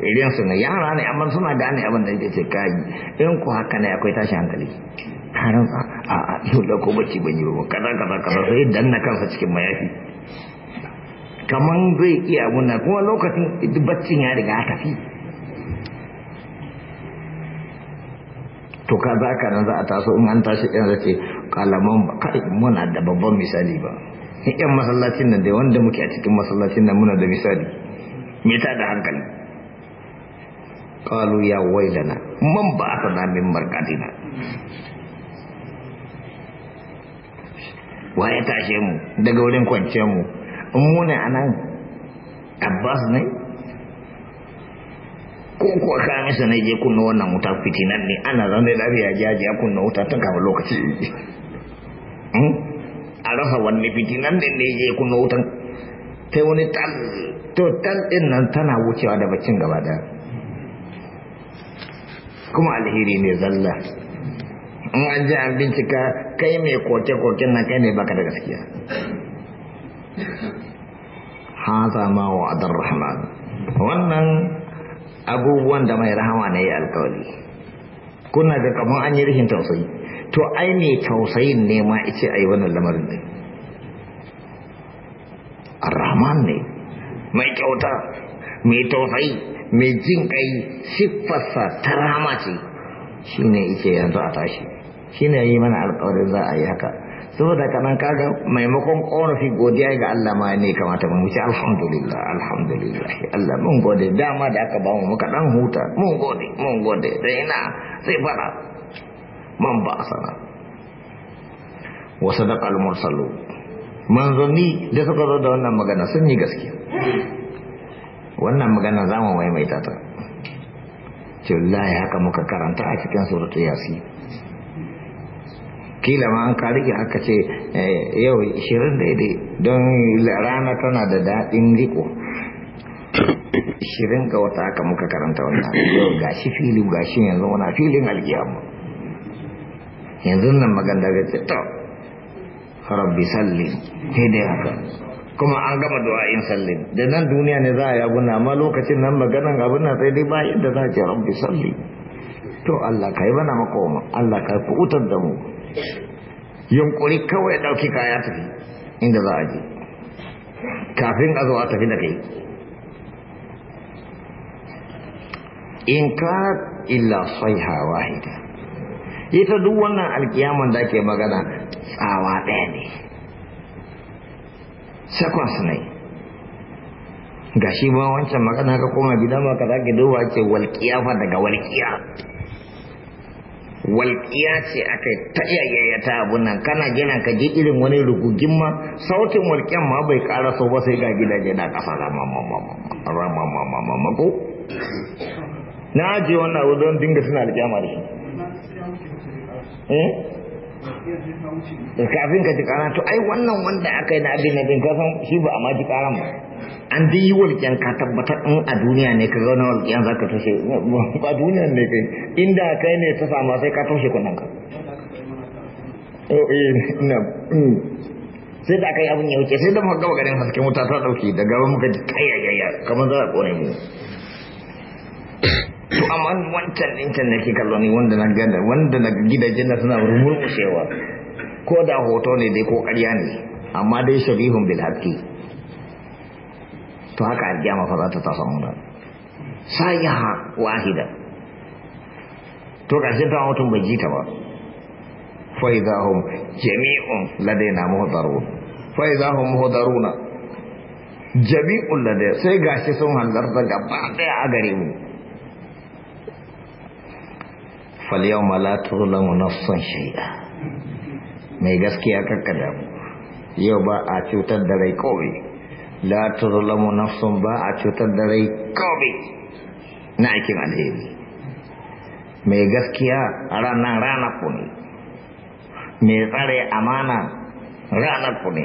irin su ne yara ne amma suna gane abin da yake ce kai in ku haka ne akwai tashi hankali karan sa a a yau ko bacci ban yi ba kaza kaza kaza sai danna kansa cikin mayafi kaman zai iya wannan kuma lokacin baccin ya riga ya tafi to ka za ka nan za a taso in an tashi ɗin zace kalaman ba kai muna da babban misali ba yan masallacin nan dai wanda muke a cikin masallacin nan muna da misali me ta da hankali ya wailana ويلنا من بعثنا markadina Waya ta tashe mu daga wurin kwance mu in muna anan abbas ne ko kuwa kayan misa ne je kunna wannan wuta fitinan ne ana da riya jaji ya kunna wuta tun kama lokaci a rasa wanne fitinan ne ne je kunna wutan sai wani tal to tal din nan tana wucewa da bacin gaba daya kuma alheri ne zalla in an ji an bincika kai mai koke-koken na kai ne baka da gaskiya haza ma wa adar rahman wannan abubuwan da mai rahama na yi alkawali kuna ga kamar an yi rihin tausayi to ai mai tausayin ne ma ice a yi wannan lamarin ne ar-rahman ne mai kyauta mai tausayi mai jin ƙai siffarsa ta rama ce shi ne ike yanzu a tashi shi ne yi mana alƙawarin za a yi haka saboda kanan kaga maimakon ƙorafi godiya ga Allah ma ne kamata mu wuce alhamdulillah alhamdulillah Allah mun gode dama da aka mu muka dan huta mun gode mun gode da ina sai fara man ba sana wa sadaqa al mursalu manzoni da suka zo da wannan magana sun yi gaskiya wannan magana za mu maimaita ta cillahi haka muka karanta a cikin suratu yasi kila ma an karige haka ce eh, yau 20 daidai don rana tana da daɗin riko shirin ga wata haka muka karanta wannan yau gashi filin gashi yanzu wana filin alkiyama yanzu nan magana da ta rabbi salli sai dai haka kuma an gama du'a'in sallin da nan duniya ne za a yi abuna amma lokacin nan maganan abuna sai dai ba yadda za a ce rabbi salli to Allah ka yi mana makoma Allah ka kuɓutar da mu yunkuri kawai ɗauki kaya tafi inda za a je kafin a zo a tafi da kai in ka illa saiha wahida ita duk wannan alkiyaman da ake magana tsawa ɗaya ne seconds ga shi ba wancan magana ka koma gida ma ka zaki duba ce walƙiya fa daga walƙiya walƙiya ce aka ta yayyaya ta abun nan kana gina ka ji irin wani rugugin ma sautin walƙiyan ma bai ƙara so ba sai ga gidaje na ƙasa ramamamamako na ji wannan abu don dinga suna alƙiyama da shi eh Eh, kafin ka ji kara to ai wannan wanda aka yi na abin nan ka san shi ba a ma ji karan ba an dai yi walƙiyan ka tabbatar in a duniya ne ka zauna walƙiyan za ka toshe ba duniya ne kai inda kai ne ta sama sai ka toshe kuɗin ka oh, eh, mm. sai da aka yi abin ya wuce sai da muka gaba garin hasken wuta ta ɗauki da gaba muka ji kayayaya kamar za a ƙone mu to amma wancan ɗinkin da ke kallo ne wanda na gada wanda na gidajen na suna rumurmushewa ko da hoto ne dai ko ƙarya ne amma dai shabihun bil haqqi to haka alƙiyama fa za ta tafa mu sayaha wahida to ƙarshen ta hoton bai ji ta ba fa hum jami'un ladaina muhdarun fa hum muhdaruna jami'un ladaina sai gashi sun hanzarta gaba ɗaya a gare mu falyau malatu lamu nafsan shaida mai gaskiya kakka damu yau ba a cutar da rai kowai la tuzlamu nafsun ba a cutar da rai kowai na aikin alheri mai gaskiya ranar ranar ku ne mai tsare amana ranar ku ne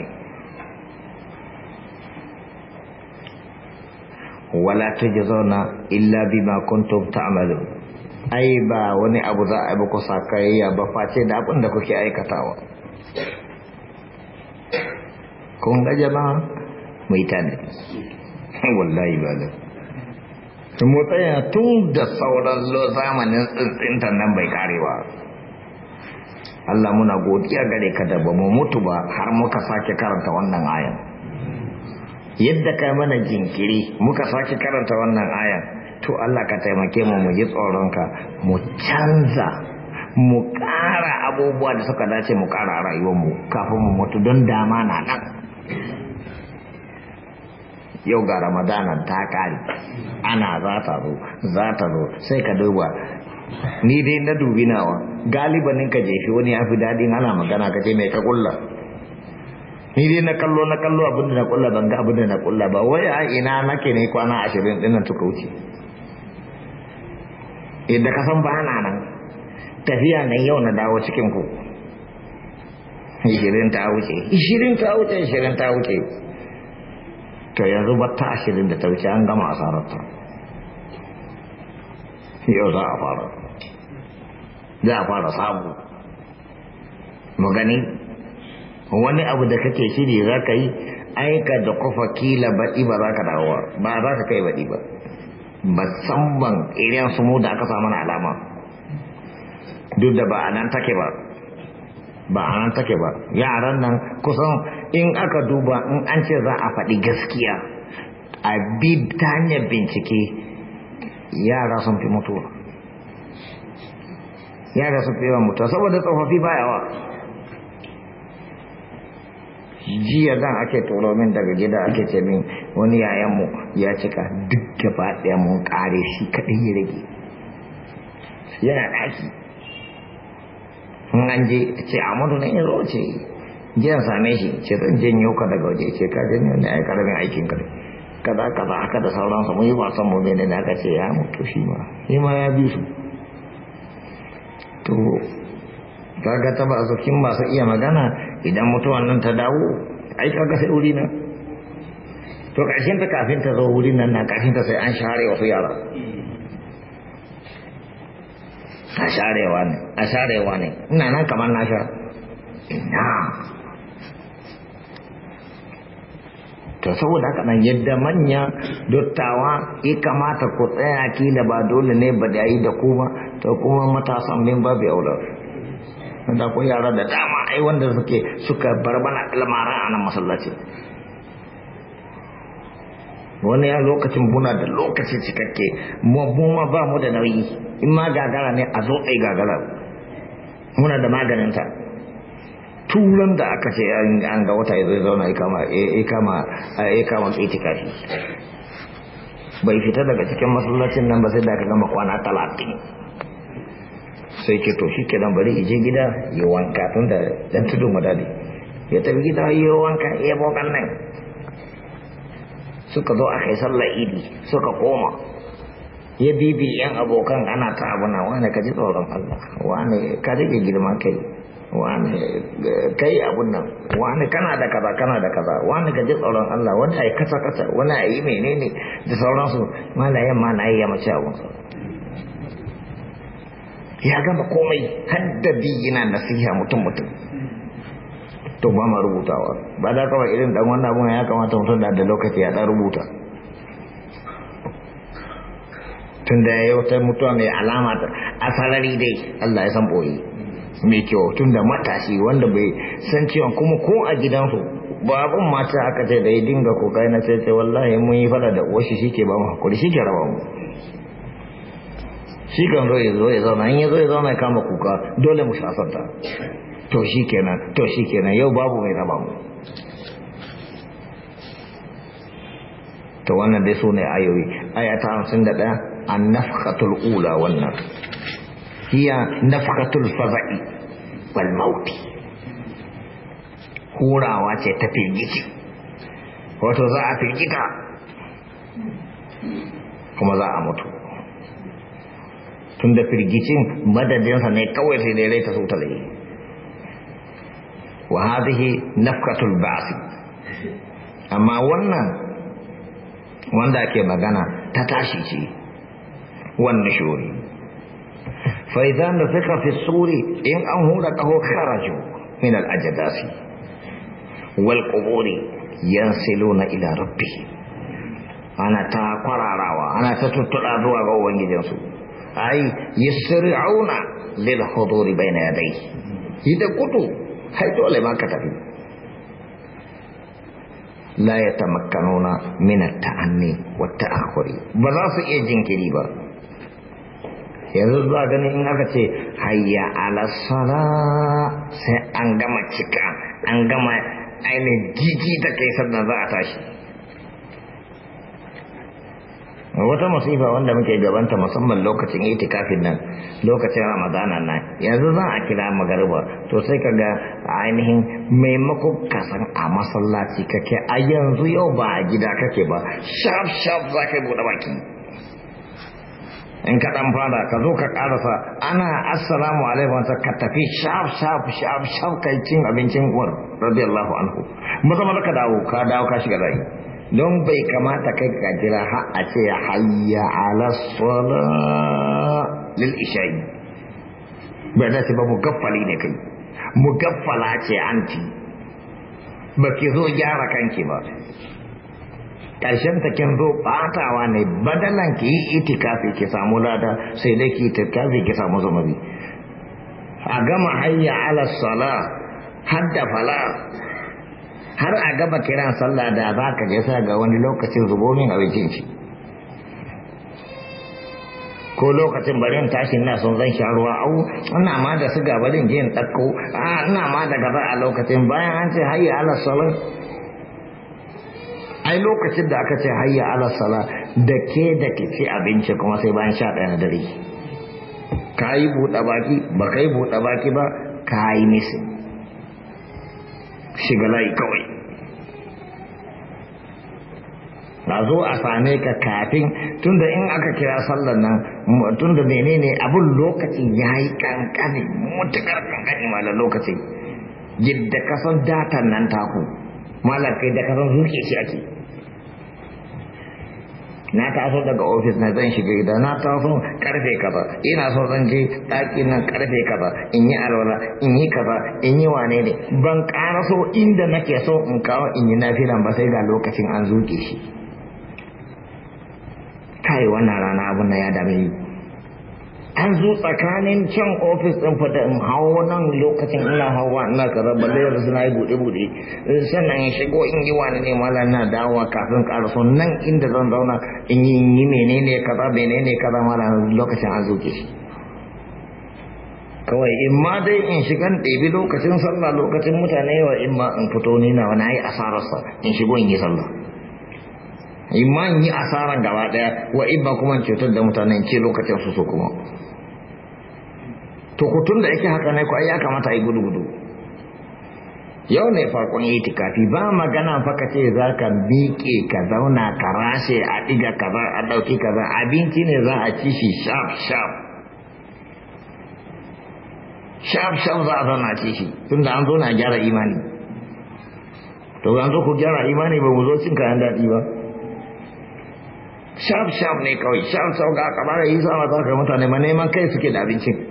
wala tujzauna illa bi bima kuntum ta'malun ai ba wani abu za a yi muku sakayya ba face da abin da kuke aikatawa kun ga jama'a mai tane wallahi ba da mu tsaya tun da sauran zamanin tsintsinta nan bai karewa Allah muna godiya gare ka da ba mu mutu ba har muka sake karanta wannan ayan yadda ka mana jinkiri muka sake karanta wannan ayan to Allah ka taimake mu mu ji tsoronka mu canza mu ƙara abubuwa da suka dace mu ƙara a mu kafin mu mutu don dama na nan yau ga ramadanan ta ƙare ana za ta zo za ta zo sai ka duba ni dai na dubi nawa galibanin ka jefi wani ya fi daɗin ana magana ka ce mai ka ƙulla ni dai na kallo na kallo abinda na kulla ban ga abinda na kulla ba wai a ina nake ne kwana ashirin dinnan tuka wuce idan ka san bana nan tafiya ne yau na dawo cikin ku ishirin ta wuce ishirin ta wuce ishirin ta wuce to yanzu ba ta ashirin da ta wuce an gama asararta yau za a fara za a fara sabu. mu gani wani abu da kake shiri za ka yi aika da kofa kila baɗi ba za ka dawo ba za ka kai baɗi ba musamman irin su mu da aka samu na alama duk da ba a nan take ba ba a nan take ba yaran nan kusan in aka duba in an ce za a faɗi gaskiya a bi ta hanyar bincike yara sun fi mutuwa yara sun fi yawan mutuwa saboda tsofaffi ba yawa jiya zan ake turo min daga gida ake ce min wani yayanmu ya cika duk gaba ɗaya mun kare shi kaɗai ya rage yana ɗaki in an je ce amadu na in zo ce jiya same shi ce zan janyo ka daga waje ce ka janyo ne ai karamin aikin ka kaza kaza haka da sauransu mun yi wasan mu ne da aka ce ya mutu shi ma shi ma ya bi su to kaga ta ba ba masu iya magana idan mutuwan nan ta dawo ai kaga sai wuri na to ƙarshen ta kafin ta zo wuri nan na ƙarshen ta sai an share wasu yara a sharewa ne a sharewa ne ina nan kamar na sha ina to saboda haka nan yadda manya dottawa ya kamata ku tsaya kila ba dole ne ba da yi da kuma to kuma matasan min babu aula wanda ko yara da dama ai wanda suke suka barbana lamara a nan masallaci wani ya lokacin buna da lokaci cikakke mu ma ba mu da nauyi in ma gagara ne a zo ai gagara muna da maganinta turan da aka ce an ga wata zai zauna ya kama ya kama ya kama bai fita daga cikin masallacin nan ba sai da aka gama kwana talatin sai ke to shi nan bari ije gida ya wanka tun da dan tudun madadi ya tafi gida ya wanka ya bokan nan suka zo aka yi sallar idi suka koma ya bibi yan abokan ana ta abuna wani ka ji tsoron Allah wani ka rike girma kai wani kai abun nan wani kana da kaza kana da kaza wani ka ji tsoron Allah wani ai kasa kasa wani ai menene da sauransu malayen ma na yi ya mace abun ya gama komai haddabi yana nasiha mutum mutum to ba ma rubutawa ba da kawai irin dan wannan abun ya kamata mutum da lokaci ya dan rubuta tun da ya wata mutuwa mai alama a sarari dai Allah ya san boye mai kyau tun da matashi wanda bai san cewa kuma ko a gidansu abin mata aka ce da ya dinga kokai na sai wallahi mun yi fada da shi shike ba mu hakuri shike raba mu shi kan zo ya zo ya zauna in ya zo ya zauna ya kama kuka dole mu sasanta to shi kenan to shi kenan yau babu mai raba mu to wannan dai sune ayoyi aya ta hamsin an nafkatul ula wannan hiya nafkatul faza'i wal mauti hurawa ce ta firgici wato za a firgita kuma za a mutu Tunda firgicin madadinsa ne kawai sai dai ta su ta zai wa hadhihi nafkatul ba'si amma wannan wanda ake magana ta tashi ce wannan shuri fa idza nafika fi suri in an hura kaho kharaju min al ajdasi wal quburi yansiluna ila rabbih ana ta kwararawa ana ta tuttuɗa zuwa ga ubangijinsu ai yasri'una lil huduri baina yadayhi idan kutu hai dole ma ka tafi la yatamakkanuna min at-ta'anni wa at-ta'akhuri ba za su iya jinkiri ba yanzu za gani in aka ce hayya ala sala sai an gama cika an gama ainihin jiji kai sannan za a tashi wata masifa wanda muke gabanta musamman lokacin itikafin nan lokacin ramadana nan yanzu zan a kira magariba to sai ka ga ainihin maimakon kasan a masallaci kake a yanzu yau ba a gida kake ba sharp sharp za ka buɗe baki in ka dan fara ka zo ka karasa ana assalamu alaikum ta ka tafi sharp sharp sharp sharp kai cin abincin uwar radiyallahu anhu maza ka dawo ka dawo ka shiga zai don bai kamata kai ka jira ha a ce hayya ala sala lil isha'i bai dace ba mugaffali ne kai mugaffala ce anti ba ki zo gyara kanki ba ƙarshen ta kin zo batawa ne badalan ki yi itikafi ki samu lada sai dai ki itikafi ki samu zumabi a gama hayya ala sala hadda fala har a gaba kiran sallah da za ka je sa ga wani lokacin zubo min abincin shi, ko lokacin barin tashin na son zan sha ruwa au ina ma da suga barin je in a ina ma da gaba a lokacin bayan an ce hayya ala salat ai lokacin da aka ce hayya ala sala da ke da ke ci abinci kuma sai bayan sha ɗaya na dare ka yi buɗe baki ba ka yi buɗe baki ba ka yi misin shiga layi kawai a zo a same ka kafin tunda in aka kira sallar nan tunda menene abun lokacin ya yi kankani mutukar kankani malar lokacin yadda kasan datan nan taku malar kai da kasan zuke shi ake na taso daga ofis na zan shiga gida na taso karfe kaza ina so zan je ɗakin nan karfe kaza in yi alwala in yi kaza in yi wane ne ban ƙara so inda nake so in kawo in yi na filan ba sai ga lokacin an zuke shi kai wannan rana abin na ya dame an zo tsakanin can ofis din fada in hawo nan lokacin ina hawa ina kaza balle suna yi buɗe buɗe sannan in shigo in yi wani ne mala na dawowa kafin karaso nan inda zan zauna in yi yi menene kaza menene kaza mala lokacin an zuke shi kawai in ma dai in shigan ɗebi lokacin sallah lokacin mutane wa in ma in fito ni na wani ayi asararsa in shigo in yi sallah in ma in yi asaran gaba ɗaya wa in ba kuma cutar da mutanen ce lokacin su su kuma to ku tun da yake haka ne ku ai ya kamata ai gudu gudu yau ne farkon itikafi ba magana fa ka ce za ka miƙe ka zauna ka rashe a ɗiga kaza a ɗauki kaza abinci ne za a ci shi sharp sharp sharp sharp za a zauna ci shi tun da an zo na gyara imani to an zo ku gyara imani ba mu zo cin kayan daɗi ba sharp sharp ne kawai sharp sharp ga kamar yi sama za ka mutane ma neman kai suke da abincin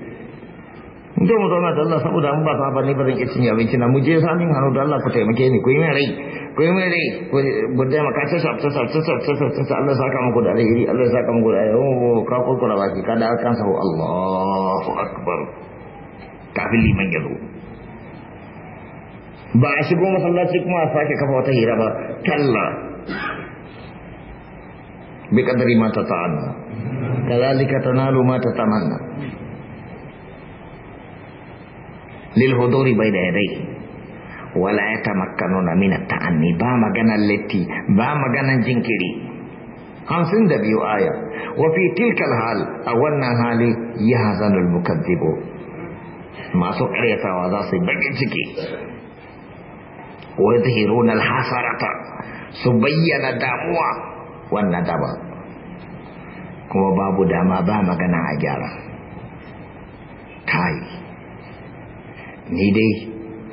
dai mu zauna da Allah saboda an ba sa ba ne ba zan iya cinye abinci na mu je sanin hannu da Allah ku taimake ni ku yi min rai ku yi min rai ku da maka ta sa ta sa ta sa ta sa ta sa Allah saka muku da alheri Allah saka muku da alheri oh ka kurkura baki ka da kansa ho Allahu akbar kafin liman ya ba a shigo masallaci kuma a sake kafa wata hira ba talla. bi kadari ma ta'anna kadhalika tanalu ma tatamanna lil huduri baina yadayhi wala yatamakkanuna min at-ta'anni ba maganan latti ba maganan jinkiri hamsin da biyu aya wa fi tilkal hal a wannan hali yahzanul mukadzibu masu karyatawa za su yi ciki wa yadhhiruna al-hasarata su bayyana damuwa wannan daba kuma babu dama ba magana a gyara yi. ni dai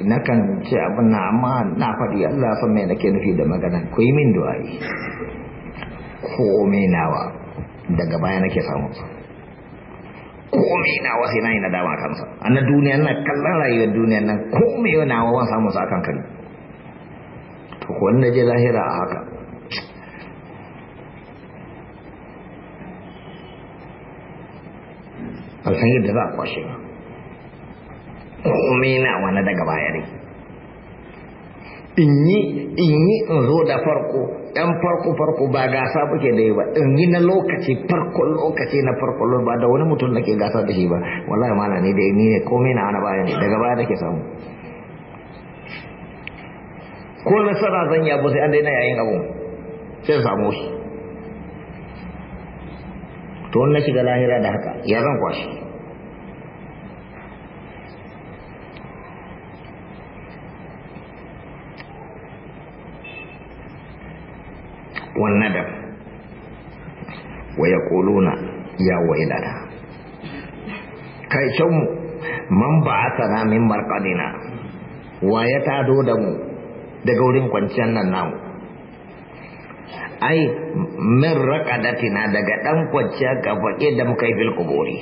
na kan ce abin na amma na faɗi Allah san mai nake nufi da magana ku yi min du'a'i komai nawa daga baya nake samu komai nawa sai na yi nadama kansa a na duniya na kallon rayuwar duniya nan komai nawa wan samu a kan kari to wanda je lahira a haka alfahim da za a kwashe ba mu'mina wani daga baya ne in yi in yi in zo da farko ɗan farko farko ba gasa kuke da yi ba in yi na lokaci farko lokaci na farko ba da wani mutum ke gasa da shi ba wallahi mana ne da ni ne komai na wani baya ne daga baya da ke samu ko na sana zan yi abu sai an daina yayin abu sai samu shi to na shiga lahira da haka ya zan kwashi والندم ويقولون يا ويلنا كي من بعثنا من مرقدنا ويتعدو دم دقولين كونشنا نام أي من رقدتنا daga ɗan kwanciya gabaɗe da muka yi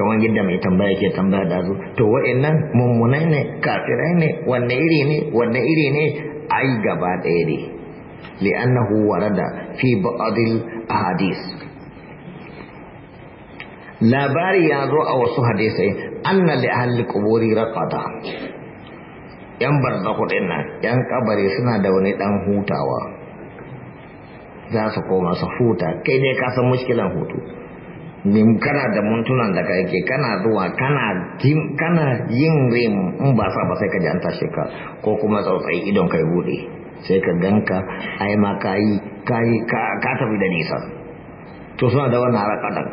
kamar yadda mai tambaya ke tambaya da zu to wa'annan mummunai ne kafirai ne wanne iri ne wanne iri ne ai gaba ɗaya ne li'annahu warada fi ba'dil ahadith labari ya zo a wasu hadisai anna li ahli quburi raqada yan barzakhu nan, yan kabari suna da wani dan hutawa za su koma su huta kai dai ka san mushkilan hutu kana da muntunan da kake kana zuwa kana jim kana yin rim in ba sa ba sai ka ji an ka ko kuma tsautsai idon kai bude sai ka ganka ai ma kai kai ka tafi da nisa to suna da wannan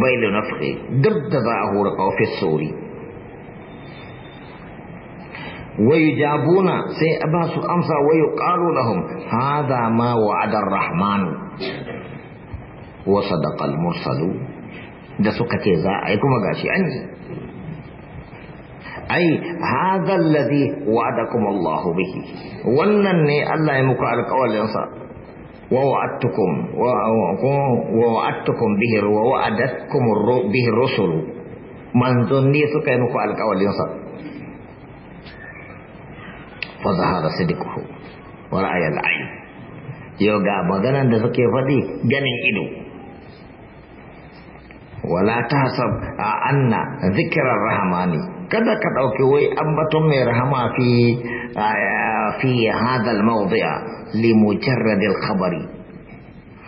bai da nafhi duk da za a hura kawfi sori ويجابون amsa أباس qalu lahum لهم ma wa'ada ar-rahman wa sadaqal mursalu da suka ce za a yi kuma gashi an yi ai hadha alladhi kuma Allahu bihi wannan ne Allah ya muku alƙawarin wa wa'adtukum wa wa'adtukum bihi wa wa'adatkum bihi rusul manzon ne suka yi muku alƙawarin sa fa zahara sidquhu wa ra'ayal ayn yau ga maganan da suke faɗi ganin ido ولا تحسب أن ذكر الرحمن كذا كذا أوكي رحمة آه، في آه، في هذا الموضع لمجرد الخبر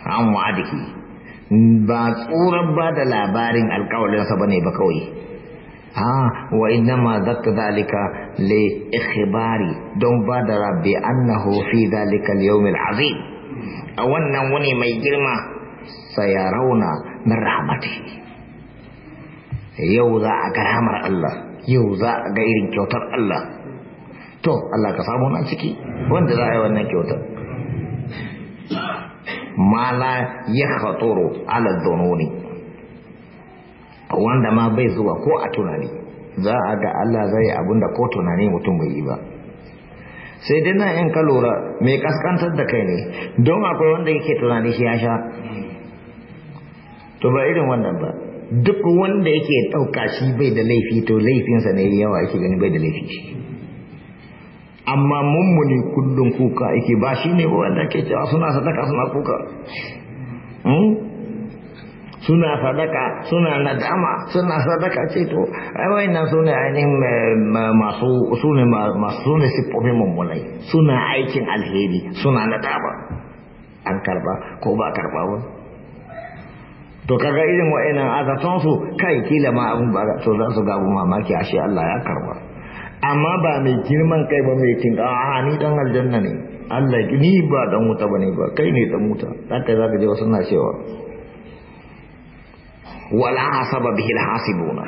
عن وعدك بصورة بعد لا بارين القول سبني بكوي ها وإنما ذك ذلك لإخباري دون بادر بأنه في ذلك اليوم العظيم أولا وني ما يجرم سيرون من رحمته yau za a ga ramar Allah yau za a ga irin kyautar Allah to Allah ka samu na ciki wanda za a yi wannan kyautar ma la ya khatoro ala zononi wanda ma bai zuwa ko a tunani za a ga Allah zai yi da ko tunani mutum bai yi ba sai dai na yan kalora mai kaskantar da kai ne don akwai wanda yake tunani shi ya sha to ba irin wannan ba duk wanda yake ɗauka shi bai da laifi to laifinsa ne yawa yake gani bai da laifi shi amma mummuni kullum kuka yake ba shi ne wanda ke cewa suna sadaka suna kuka hmm? suna sadaka suna nadama suna sadaka ce to ai wayannan su ne ainihin eh, masu su ne masu su ne siffofin mummunai suna aikin alheri suna nadama an karba ko ba karba ba to kaga irin wa'annan azaton su kai kila ma abun ba to za su gabu mamaki ashe Allah ya karba amma ba mai girman kai ba mai tinka a ni dan aljanna ne Allah ni ba dan wuta bane ba kai ne dan wuta dan za zaka je wasu na cewa wala asaba bihi alhasibuna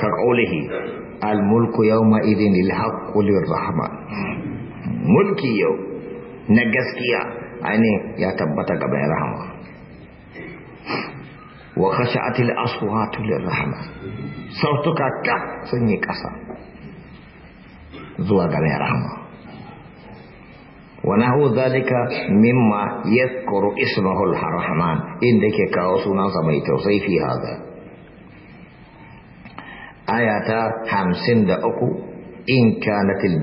ka qawlihi almulku yawma idhin lilhaqqi lirrahman mulki yau na gaskiya aini ya tabbata gaban rahama wa khashatil aswatu lirrahman sautuka ka sun yi kasa zuwa ga mai rahama Wani hau zalika mimma yadhkuru ismahu al-rahman inda yake kawo sunansa mai tausayi fi haza. aya ta uku in kanatil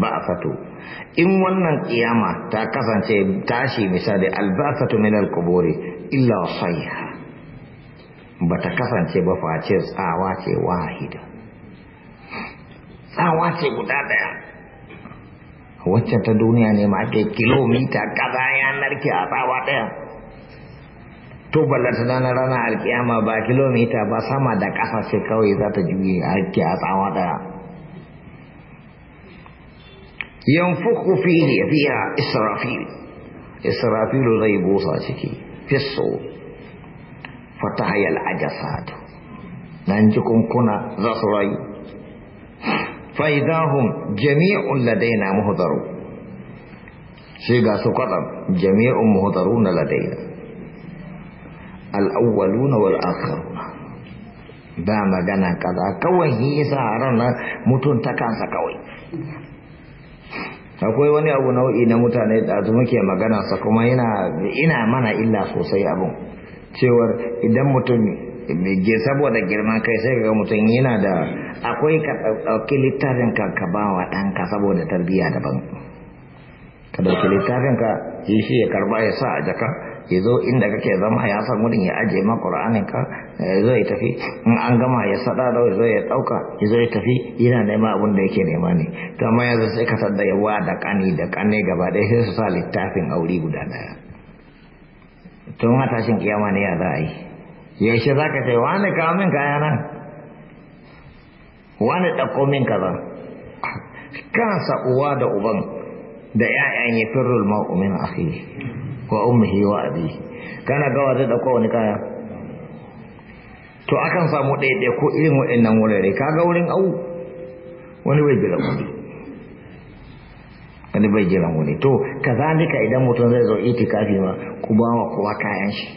ba'athatu in wannan kiyama ta kasance tashi misali albasatu baathatu min illa sayha ba ta kasance ba face tsawa ce wahida tsawa ce guda daya wacce ta duniya ne ma ake kilomita kaza ya narke a tsawa daya to ballata na rana alkiyama ba kilomita ba sama da ƙasa sai kawai za ta juye a harki a tsawa daya yanfuku fiye fiya israfil israfilu zai busa ciki fiso fata hayal ta nan kunkuna za su rayu fa'idahun jami'un ladaina muhudaru shi ga su kwaɗan jami'un muhudaru na ladaina na wal'akharuna ba magana kaza kawai yi sa ranar mutum kansa kawai akwai wani abu nau'i na mutane da su muke magana sa kuma yana ina mana illa sosai abun cewar idan mutum ge saboda girman kai sai ga mutum yana da akwai ka dauki littafin ka ka ba wa ɗanka saboda tarbiyya daban ka dauki littafin ka shi shi ya karba ya sa a jaka ya zo inda kake zama ya san wurin ya ajiye ma ka eh, ya zo ya tafi in an gama ya sada da ya zo ya ɗauka ya zo ya tafi yana nema abin da yake nema ne to amma yanzu sai ka sadda yawa da ƙani da ƙane gaba ɗaya sai su sa littafin aure guda ɗaya to ma tashin kiyama ne ya za a yi yaushe za ka ce wani kawo min kaya nan wani ɗauko min kaza kansa uwa da uban da 'ya'yan ya firrul ma'umin akhi wa ummihi wa abi kana gawa zai dauko wani kaya to akan samu ɗaiɗai ko irin waɗannan wurare kaga wurin au wani bai jira wani wani bai jira wani to ka idan mutum zai zo kafi ma ku ba wa kowa kayan shi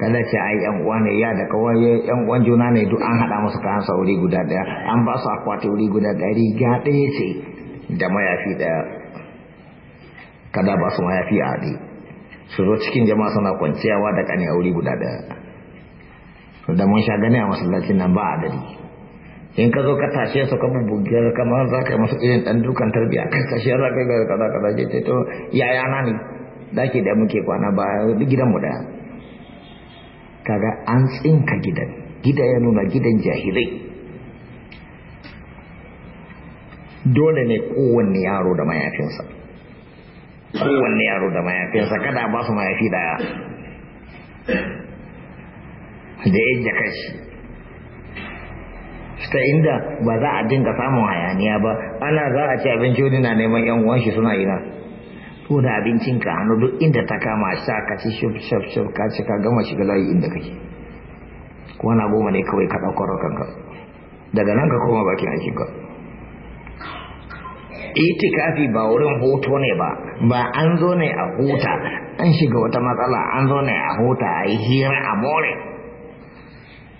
kada ce ai yan uwa ne ya da kawai yan uwan juna ne duk an haɗa musu kayan sa wuri guda ɗaya an ba su akwati wuri guda ɗaya riga ɗaya ce da mayafi ɗaya kada ba su mayafi a haɗe su zo cikin jama'a suna kwanciyawa da ƙani a wuri guda ɗaya da mun sha gani a masallacin nan ba a adadi in ka zo ka tashe su ka bubbuge kamar za ka yi masu irin ɗan dukan tarbiyya ka tashe za ka yi kaza kaza ce ce to yaya na ne da ke da muke kwana ba gidan mu ɗaya kaga an tsinka gidan gida ya nuna gidan jahilai dole ne kowanne yaro da mayafinsa kowanne yaro da mayafinsa kada ba su mayafi daya da yadda kashi ta inda ba za a dinga samun hayaniya ba ana za a ci abinci wani na neman yan uwan shi suna ina ko da abincin ka hannu duk inda ta kama sha ka ci shuf shuf shuf ka ci ka gama shiga layi inda kake na goma ne kawai ka ɗaukar kanka daga nan ka koma bakin aikinka itikafi ba wurin hoto ne ba ba an zo ne a huta an shiga wata matsala an zo ne a huta a yi hira a more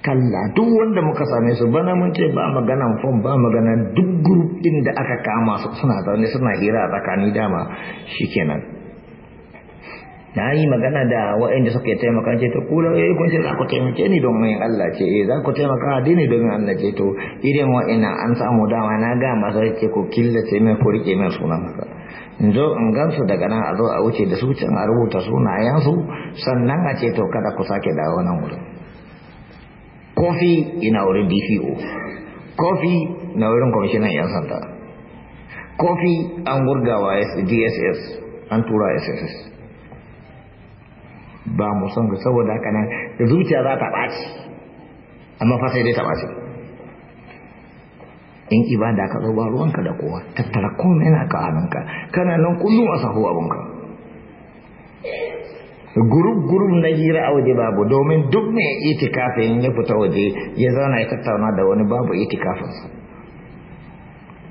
kalla duk wanda muka same su bana mun ce ba maganan fom ba maganan duk gurbin da aka kama su suna zaune suna hira a tsakani dama kenan. na yi magana da waɗanda suka taimaka ce to kula eh yi za ku taimake ni don mai Allah ce eh za ku taimaka addini don Allah ce to irin wa'ina an samu dama na ga masu ku killace mai ko rike mai suna haka in zo in gansu daga nan a zo a wuce da su can a rubuta sunayensu sannan a ce to kada ku sake dawo nan wurin kofi ina wurin DPO kofi na wurin kwamishinan yan sanda kofi an gurgawa DSS an tura SSS ba mu son ga saboda haka nan da zuciya za ta ɓaci amma fa sai dai ta ɓaci in ibada ka zo ba ruwanka da kowa tattara komai na ka hannunka kana nan kullum a sahu abunka gurub gurub na hira a waje babu domin duk mai itikafin ya fita waje ya zauna ya tattauna da wani babu itikafinsa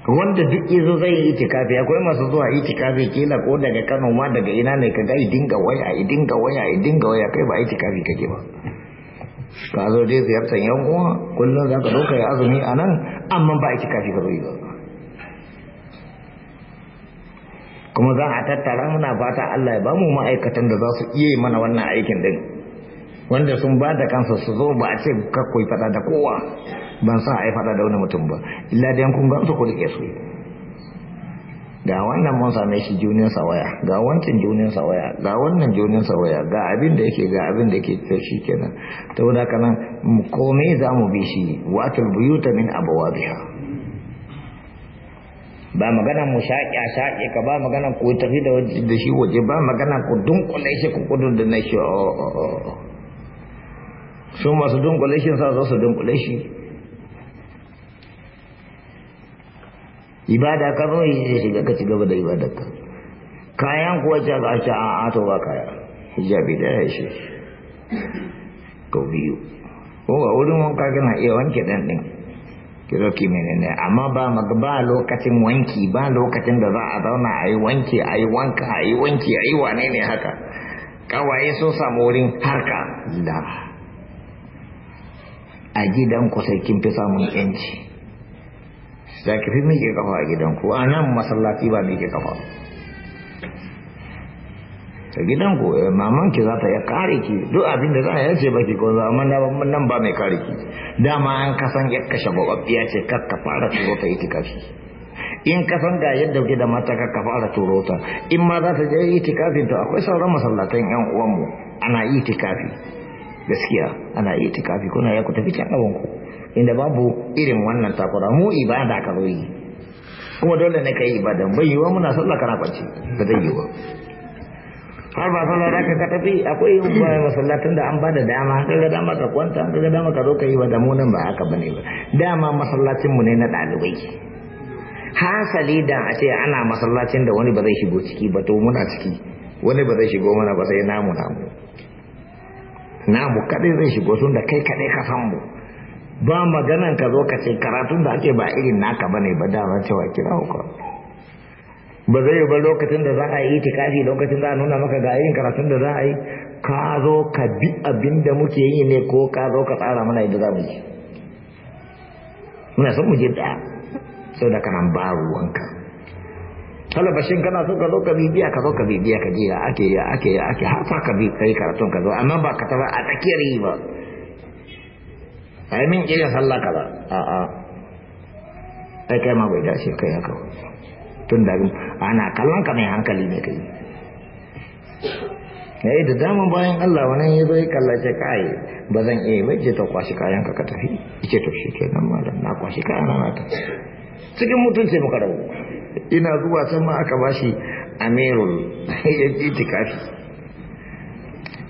wanda duk izo zai yi itikafi akwai masu zuwa itikafi kila ko daga Kano ma daga ina ne ka i dinga waya i dinga waya i dinga waya kai ba itikafi kake ba ka zo dai ziyartar yan uwa kullum zaka doka ya azumi a nan amma ba itikafi ka zo yi ba kuma za a tattara muna fata Allah ya ba mu ma'aikatan da za su iya yi mana wannan aikin din wanda sun ba da kansa su zo ba a ce kakkoyi fada da kowa ban sa a yi fada da wani mutum ba illa da kun ba su ku rike su ga wannan mun same shi junin sawaya ga wancan junin sawaya ga wannan junin sawaya ga abin da yake ga abin da yake ta shi kenan ta wadda kana komai za mu bi shi watul buyuta min biya. ba magana mu shaƙi a ka ba magana ku tafi da da shi waje ba magana ku dunkule shi ku kudu da na shi o oh, oh, oh, Su masu dunkule shi sa zo su dunkule shi ibada ka zo yi zai shiga ka ci gaba da ibadar ka kayan kuwa ce ga shi a ato ba kaya hijabi da ya shi ko biyu ko a wurin wanka kana iya wanke dan din ki zo ki menene amma ba ba lokacin wanki ba lokacin da za a zauna a yi wanki a yi wanka a yi wanki a yi wane ne haka kawaye so samu wurin harka da a gidan ku sai kin fi samun yanci da ki fi miƙe kafa a gidanku a nan masallaci ba miƙe kafa a gidanku eh, maman ki za ta ya kare ki duk abin da za a yace baki ko za amma nan ba mai kare ki dama an kasan ya kashe ya ce kar ka fara turo ta in kasan ga yadda kuke da mata kar ka fara turo ta in ma za ta je tikafi to akwai sauran masallatan yan uwanmu ana itikafi gaskiya ana itikafi kuna ya ku tafi can ku inda babu irin wannan takura mu ibada ka zo yi kuma dole ne ka yi ibada bai yiwa muna sallah kana kwanci ba zai yiwa har ba sallah da ka tafi akwai masallatin da an ba da dama ka ga dama ka kwanta ka ga dama ka zo ka yi ibada da mu nan ba haka bane ba dama masallacin mu ne na ɗalibai hasali da a ce ana masallacin da wani ba zai shigo ciki ba to muna ciki wani ba zai shigo mana ba sai namu namu namu kadai zai shigo sun da kai kadai ka san mu ba maganan ka zo ka ce karatun da ake ba irin naka ba ne ba dama cewa kira ku ba zai yi ba lokacin da za a yi tikafi lokacin za a nuna maka ga irin karatun da za a yi ka zo ka bi abin da muke yi ne ko ka zo ka tsara mana yadda za mu yi muna son mu je ɗaya sau da kanan ba ruwanka talabashin kana so ka zo ka bibiya ka zo ka bibiya ka je ake ake ake hasa ka bi kai karatun ka zo amma ba ka taba a tsakiyar yi ba ai min irin sallah kaza a a ai kai ma bai dace kai haka tun da ana kallon ka mai hankali ne kai ya yi da daman bayan Allah wani ya zo ya kallace kai ba zan iya ba ce ta kwashi kayan ka ka tafi ce to shi ke nan malam na kwashi kayan na ta cikin mutunci muka rabu ina zuwa can ma aka bashi amirul ya ji tikafi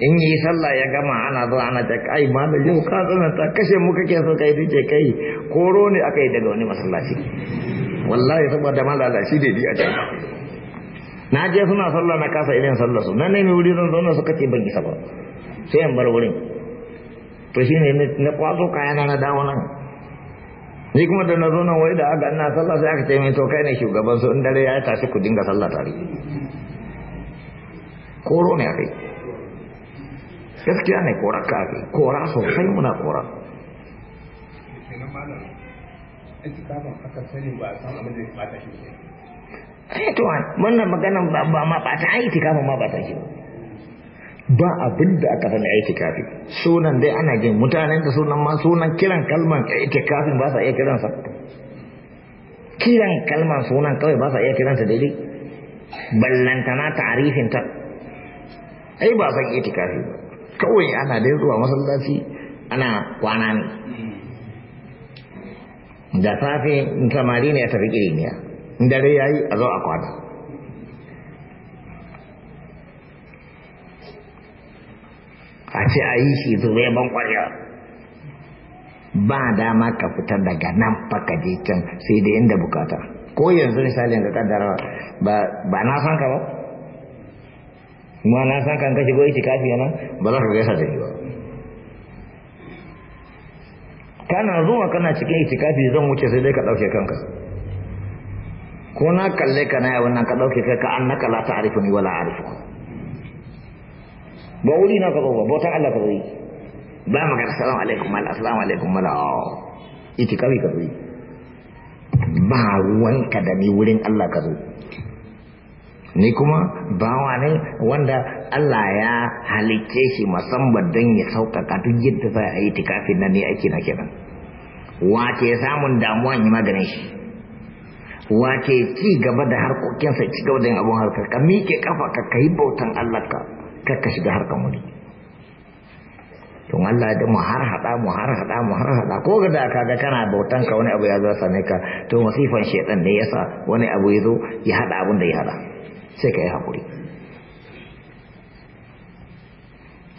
in yi sallah ya gama ana zuwa ana ta kai malam yau ka ta kashe mu kake so kai dace kai koro ne aka yi daga wani masallaci wallahi saboda malala shi dai a can na je suna sallah na kasa irin sallah su na nemi wuri zan zauna suka ce ban isa ba sai an bar wurin to shine na kwazo kayana na dawo nan ni kuma da na zo nan wai da aga ina sallah sai aka ce min to kai ne shugaban su in dare ya tashi ku dinga sallah tare koro ne akai gaskiya ne kora ka ake kora sosai muna kora ai eh, to wannan magana ba ma ba ta aiki kama ma ba ta shi ba abin da aka sani aiki kafi sunan dai ana gina mutanen da sunan ma sunan kiran kalman aiki kafin ba sa iya kiransa kiran kalman sunan kawai ba sa iya kiransa daidai ballantana ta'arifinta ai ba san itikafi ba kawai ana dai zuwa masallaci ana kwana ne da safe samari ne ya tafi in dare ya yi a zo a kwana a ce a yi shi zuwa ban kwarewa ba dama ka fita daga nan faka je can sai da inda bukata ko yanzu misali da kaddara ba na san ka ba ma na san kan ko iti kafi nan ba za ka gaisa da ni ba kana zuwa kana cikin itikafi zan wuce sai dai ka dauke kanka ko na kalle ka na wannan ka dauke kanka annaka la ta'rifuni wala a'rifuka ba wuri na ka zo ba bautan Allah ka zo ba magana assalamu alaikum mal assalamu alaikum mal oh, itikafi ka zo ba ruwanka da ni wurin Allah ka zo ni kuma bawa ne wanda Allah ya halicce shi musamman don ya sauƙaƙa duk yadda za a yi tikafin nan ne ake na kenan wace samun damuwa yi maganin shi wace ci gaba da harkokinsa ci gaba da yin abun harkar ka miƙe kafa ka kai bautan Allah ka ka shiga harkar wani don Allah da mu har hada mu har hada mu har hada ko ga da kaga kana bautan ka wani abu ya zo same ka to masifan shedan ne yasa wani abu ya zo ya haɗa abun da ya hada sai ka yi hakuri,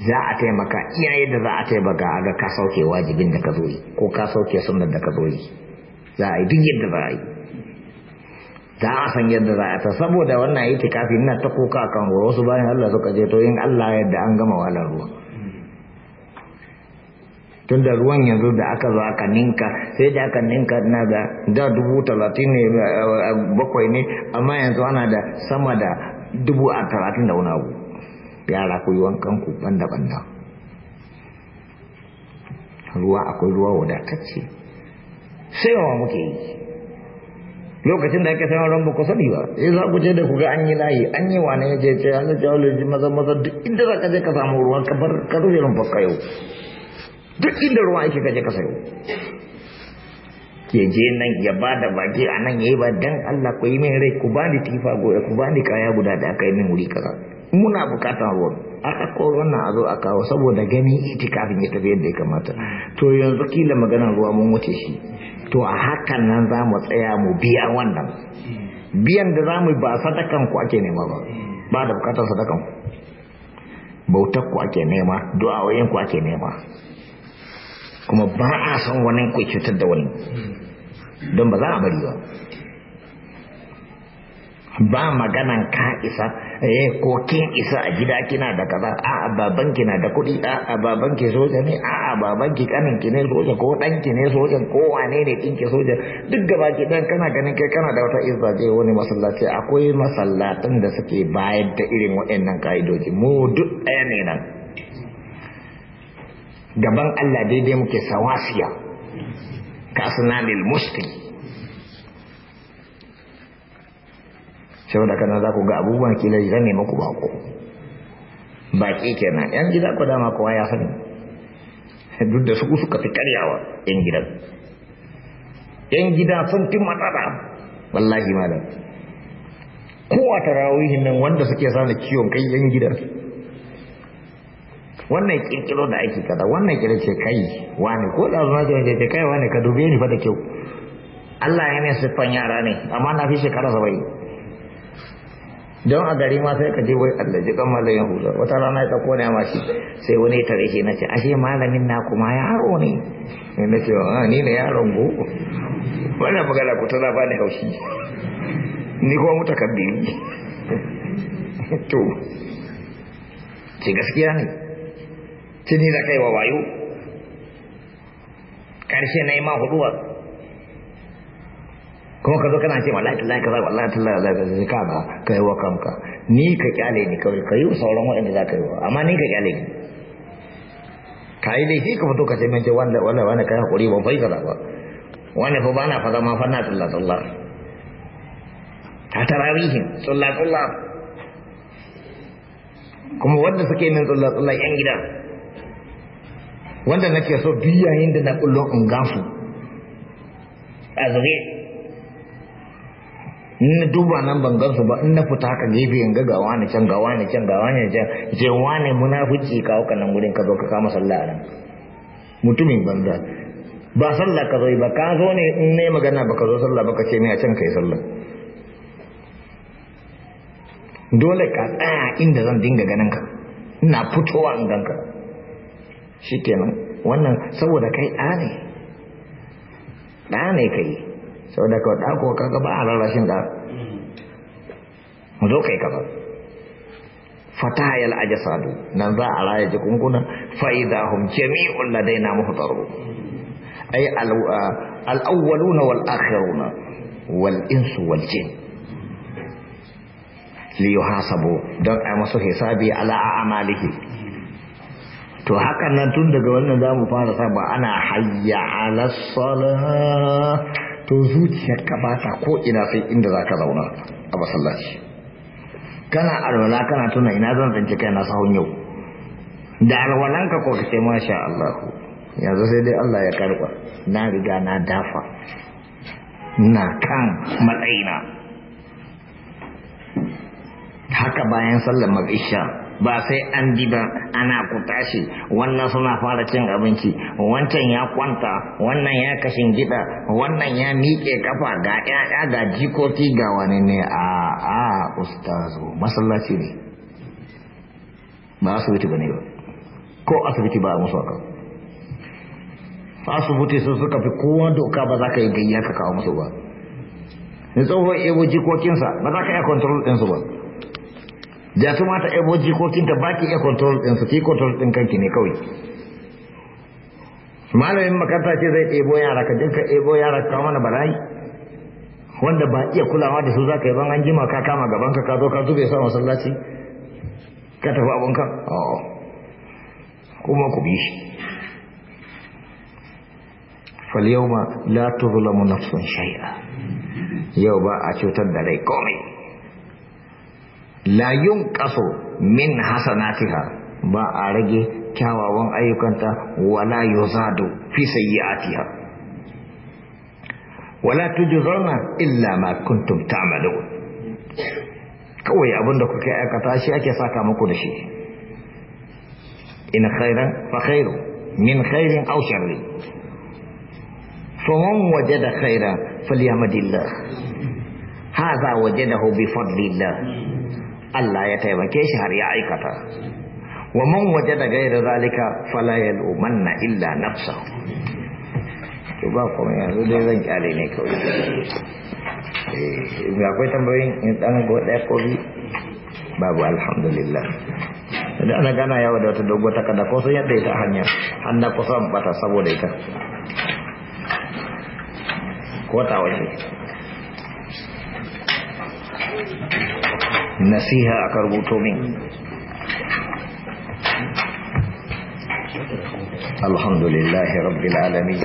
za a taimaka iya yadda za a taimaka a ga ka sauke wajibin da ka zo yi ko ka sauke sunan da ka zo yi za a yi duk yadda za a yi za a san yadda za a ta saboda wannan kafin ina ta kuka kan wasu bayan Allah suka je to in Allah yadda an gama wahalar ruwa tun da ruwan yanzu da aka zo aka ninka sai da aka ninka na da da dubu talatin ne bakwai ne amma yanzu ana da sama da dubu a talatin da wani abu yara ku yi wankan ku banda banda ruwa akwai ruwa wadatacce sai yawa muke yi lokacin da ake sanar ran ba ku sani ba sai eh, za ku je da ku ga an yi layi an yi wane ya je ce an da jawo maza maza duk inda za ka je ka samu ruwan ka bar ka rufe rumfa yau duk inda ruwa yake kaje ka sayo je nan ya ba da baki a nan ya yi ba dan Allah ku yi min rai ku bani tifa goya ku bani kaya guda da aka yi min wuri kaza muna bukatar ruwan a ɗauko ruwan a zo a kawo saboda gani iti kafin ya tafi yadda ya kamata to yanzu kila maganar ruwa mun wuce shi to a hakan nan za mu tsaya mu biya wannan biyan da za mu ba sadakan ku ake nema ba ba da bukatar sadakan ku bautar ku ake nema du'a'o'in ku ake nema kuma ba a son wani ku cutar da wani don ba za a bari ba ba maganan ka isa eh ko kin isa a gida kina da kaza a a baban na da kuɗi a a baban ki soja ne a a baban ki kanin ki ne soja ko dan ki ne soja ko wane ne kin ki soja duk gaba ki dan kana ganin kai kana da wata izza je wani masallaci akwai masallatan da suke bayar da irin waɗannan ka'idoji mu duk ɗaya ne nan gaban Allah daidai muke sawasiya ka asnanil muslim saboda kana za ku ga abubuwan kila zan ne muku bako baki kenan yan gida ku dama kowa ya sani duk da su suka fi karyawa yan gidan yan gida sun fi matsala wallahi malam kowa ta tarawihin nan wanda suke sani ciwon kai yan gidan wannan kirkiro da aiki kada wannan kira ce kai wani ko da zuwa ce ce kai wani ka dube ni fa da kyau Allah ya mai siffan yara ne amma na fi shekara saba'in don a gari ma sai ka je wai Allah ji kan malam ya wata rana ya tsako ne a shi sai wani ya tare shi na ce ashe malamin na kuma yaro ne ne na ce a ah, ni ne yaron go wannan magana ku tana ba ni haushi ni kuma mutakabbiri to ce gaskiya ne tuni da kai wa wayo karshe na yi ma huduwa kuma ka zo kana ce wallahi tallahi kaza wallahi tallahi wallahi kaza ka ba kai wa kanka ni ka kyale ni kawai kai sauran waɗanda za ka yi wa amma ni ka kyale ni ka yi laifi ka fito ka ce min ce wanda wanda wanda kai hakuri ba fai kaza ba wanda fa bana fa zama fa na tsalla tsalla ta tarawihin tsalla tsalla kuma wanda suke min tsalla tsalla yan gida wanda nake so duk yayin da na kullum in gafu a zure na duba nan ban gansu ba in na fita haka gefe in ga gawa ne can gawa ne can gawa ne can je wane munafici kawo ka nan gurin ka zo ka kama sallah nan mutumin banza ba sallah ka zo ba ka zo ne in ne magana ba ka zo sallah ba ka ce ne a can ka yi sallah dole ka tsaya inda zan dinga ganin ka ina fitowa in ganka shi kenan wannan saboda kai ɗa ne ɗa ne kai saboda ka ɗa ko kaga ba a rarrashin ɗa zo kai yal fatahayal sadu, nan za a raya jikunkuna fa'ida hum jami'un ladaina muhtaru ay al-awwaluna wal akhiruna wal insu wal jin li yuhasabu don a masu hisabi ala a'malihi to hakan nan tun daga wannan za mu fara sa ba ana hayya ala sala to zuciyarka ba ta ko ina sai inda za ka zauna a masallaci kana alwala kana tuna ina zan zance kai na sahun yau da alwalanka ko ka ce masha Allah yanzu sai dai Allah ya karba na riga na dafa na kan matsayina haka bayan sallar magisha ba sai an bi ba ana ku tashi wannan suna fara cin abinci wancan ya kwanta wannan ya kashin gida wannan ya miƙe kafa ga ƴaƴa ga jikoti ga wani ne a a ustazu masallaci ne ba asibiti ba ne ba ko asibiti ba a musu haka asibiti sun suka fi kowa doka ba za ka yi gayya ka kawo musu ba ne tsohon ebo jikokinsa ba za ka iya kontrol ɗinsu ba da su mata yabo jikokinta ba baki iya control din su ki control din kanki ne kawai malamin makaranta ce zai ɗebo yara ka dinka ebo yara ka mana barayi, wanda ba iya kulawa da su zaka yi ban an jima ka kama gaban ka ka zo ka zube sa masallaci ka tafi ka. kuma ku bi shi فاليوم لا تظلم نفس شيئا يوم أشوت الدري komai. la yunqasu min hasanatiha ba a rage kyawawan ayyukanta wala yuzadu fi sayyi'atiha wala tujzauna illa ma kuntum ta'malun kawai abinda kuke aikata shi ake saka muku da shi in khairan fa khairu min khairin aw sharri faman wajada khairan falyahmadillah hadha wajadahu bi fadlillah Allah ya taimake shi har ya aikata wa man wajada ghayra zalika fala yalumanna illa nafsa to ba ko kuma yanzu dai zan kyale ne kawai eh ga akwai tambayoyin in dan go da ko bi babu alhamdulillah da ana gana yawa da wata dogo ta kada ko sun yadda ita hanya har ko san bata saboda ita ko ta wace نسيها أكربوتومي الحمد لله رب العالمين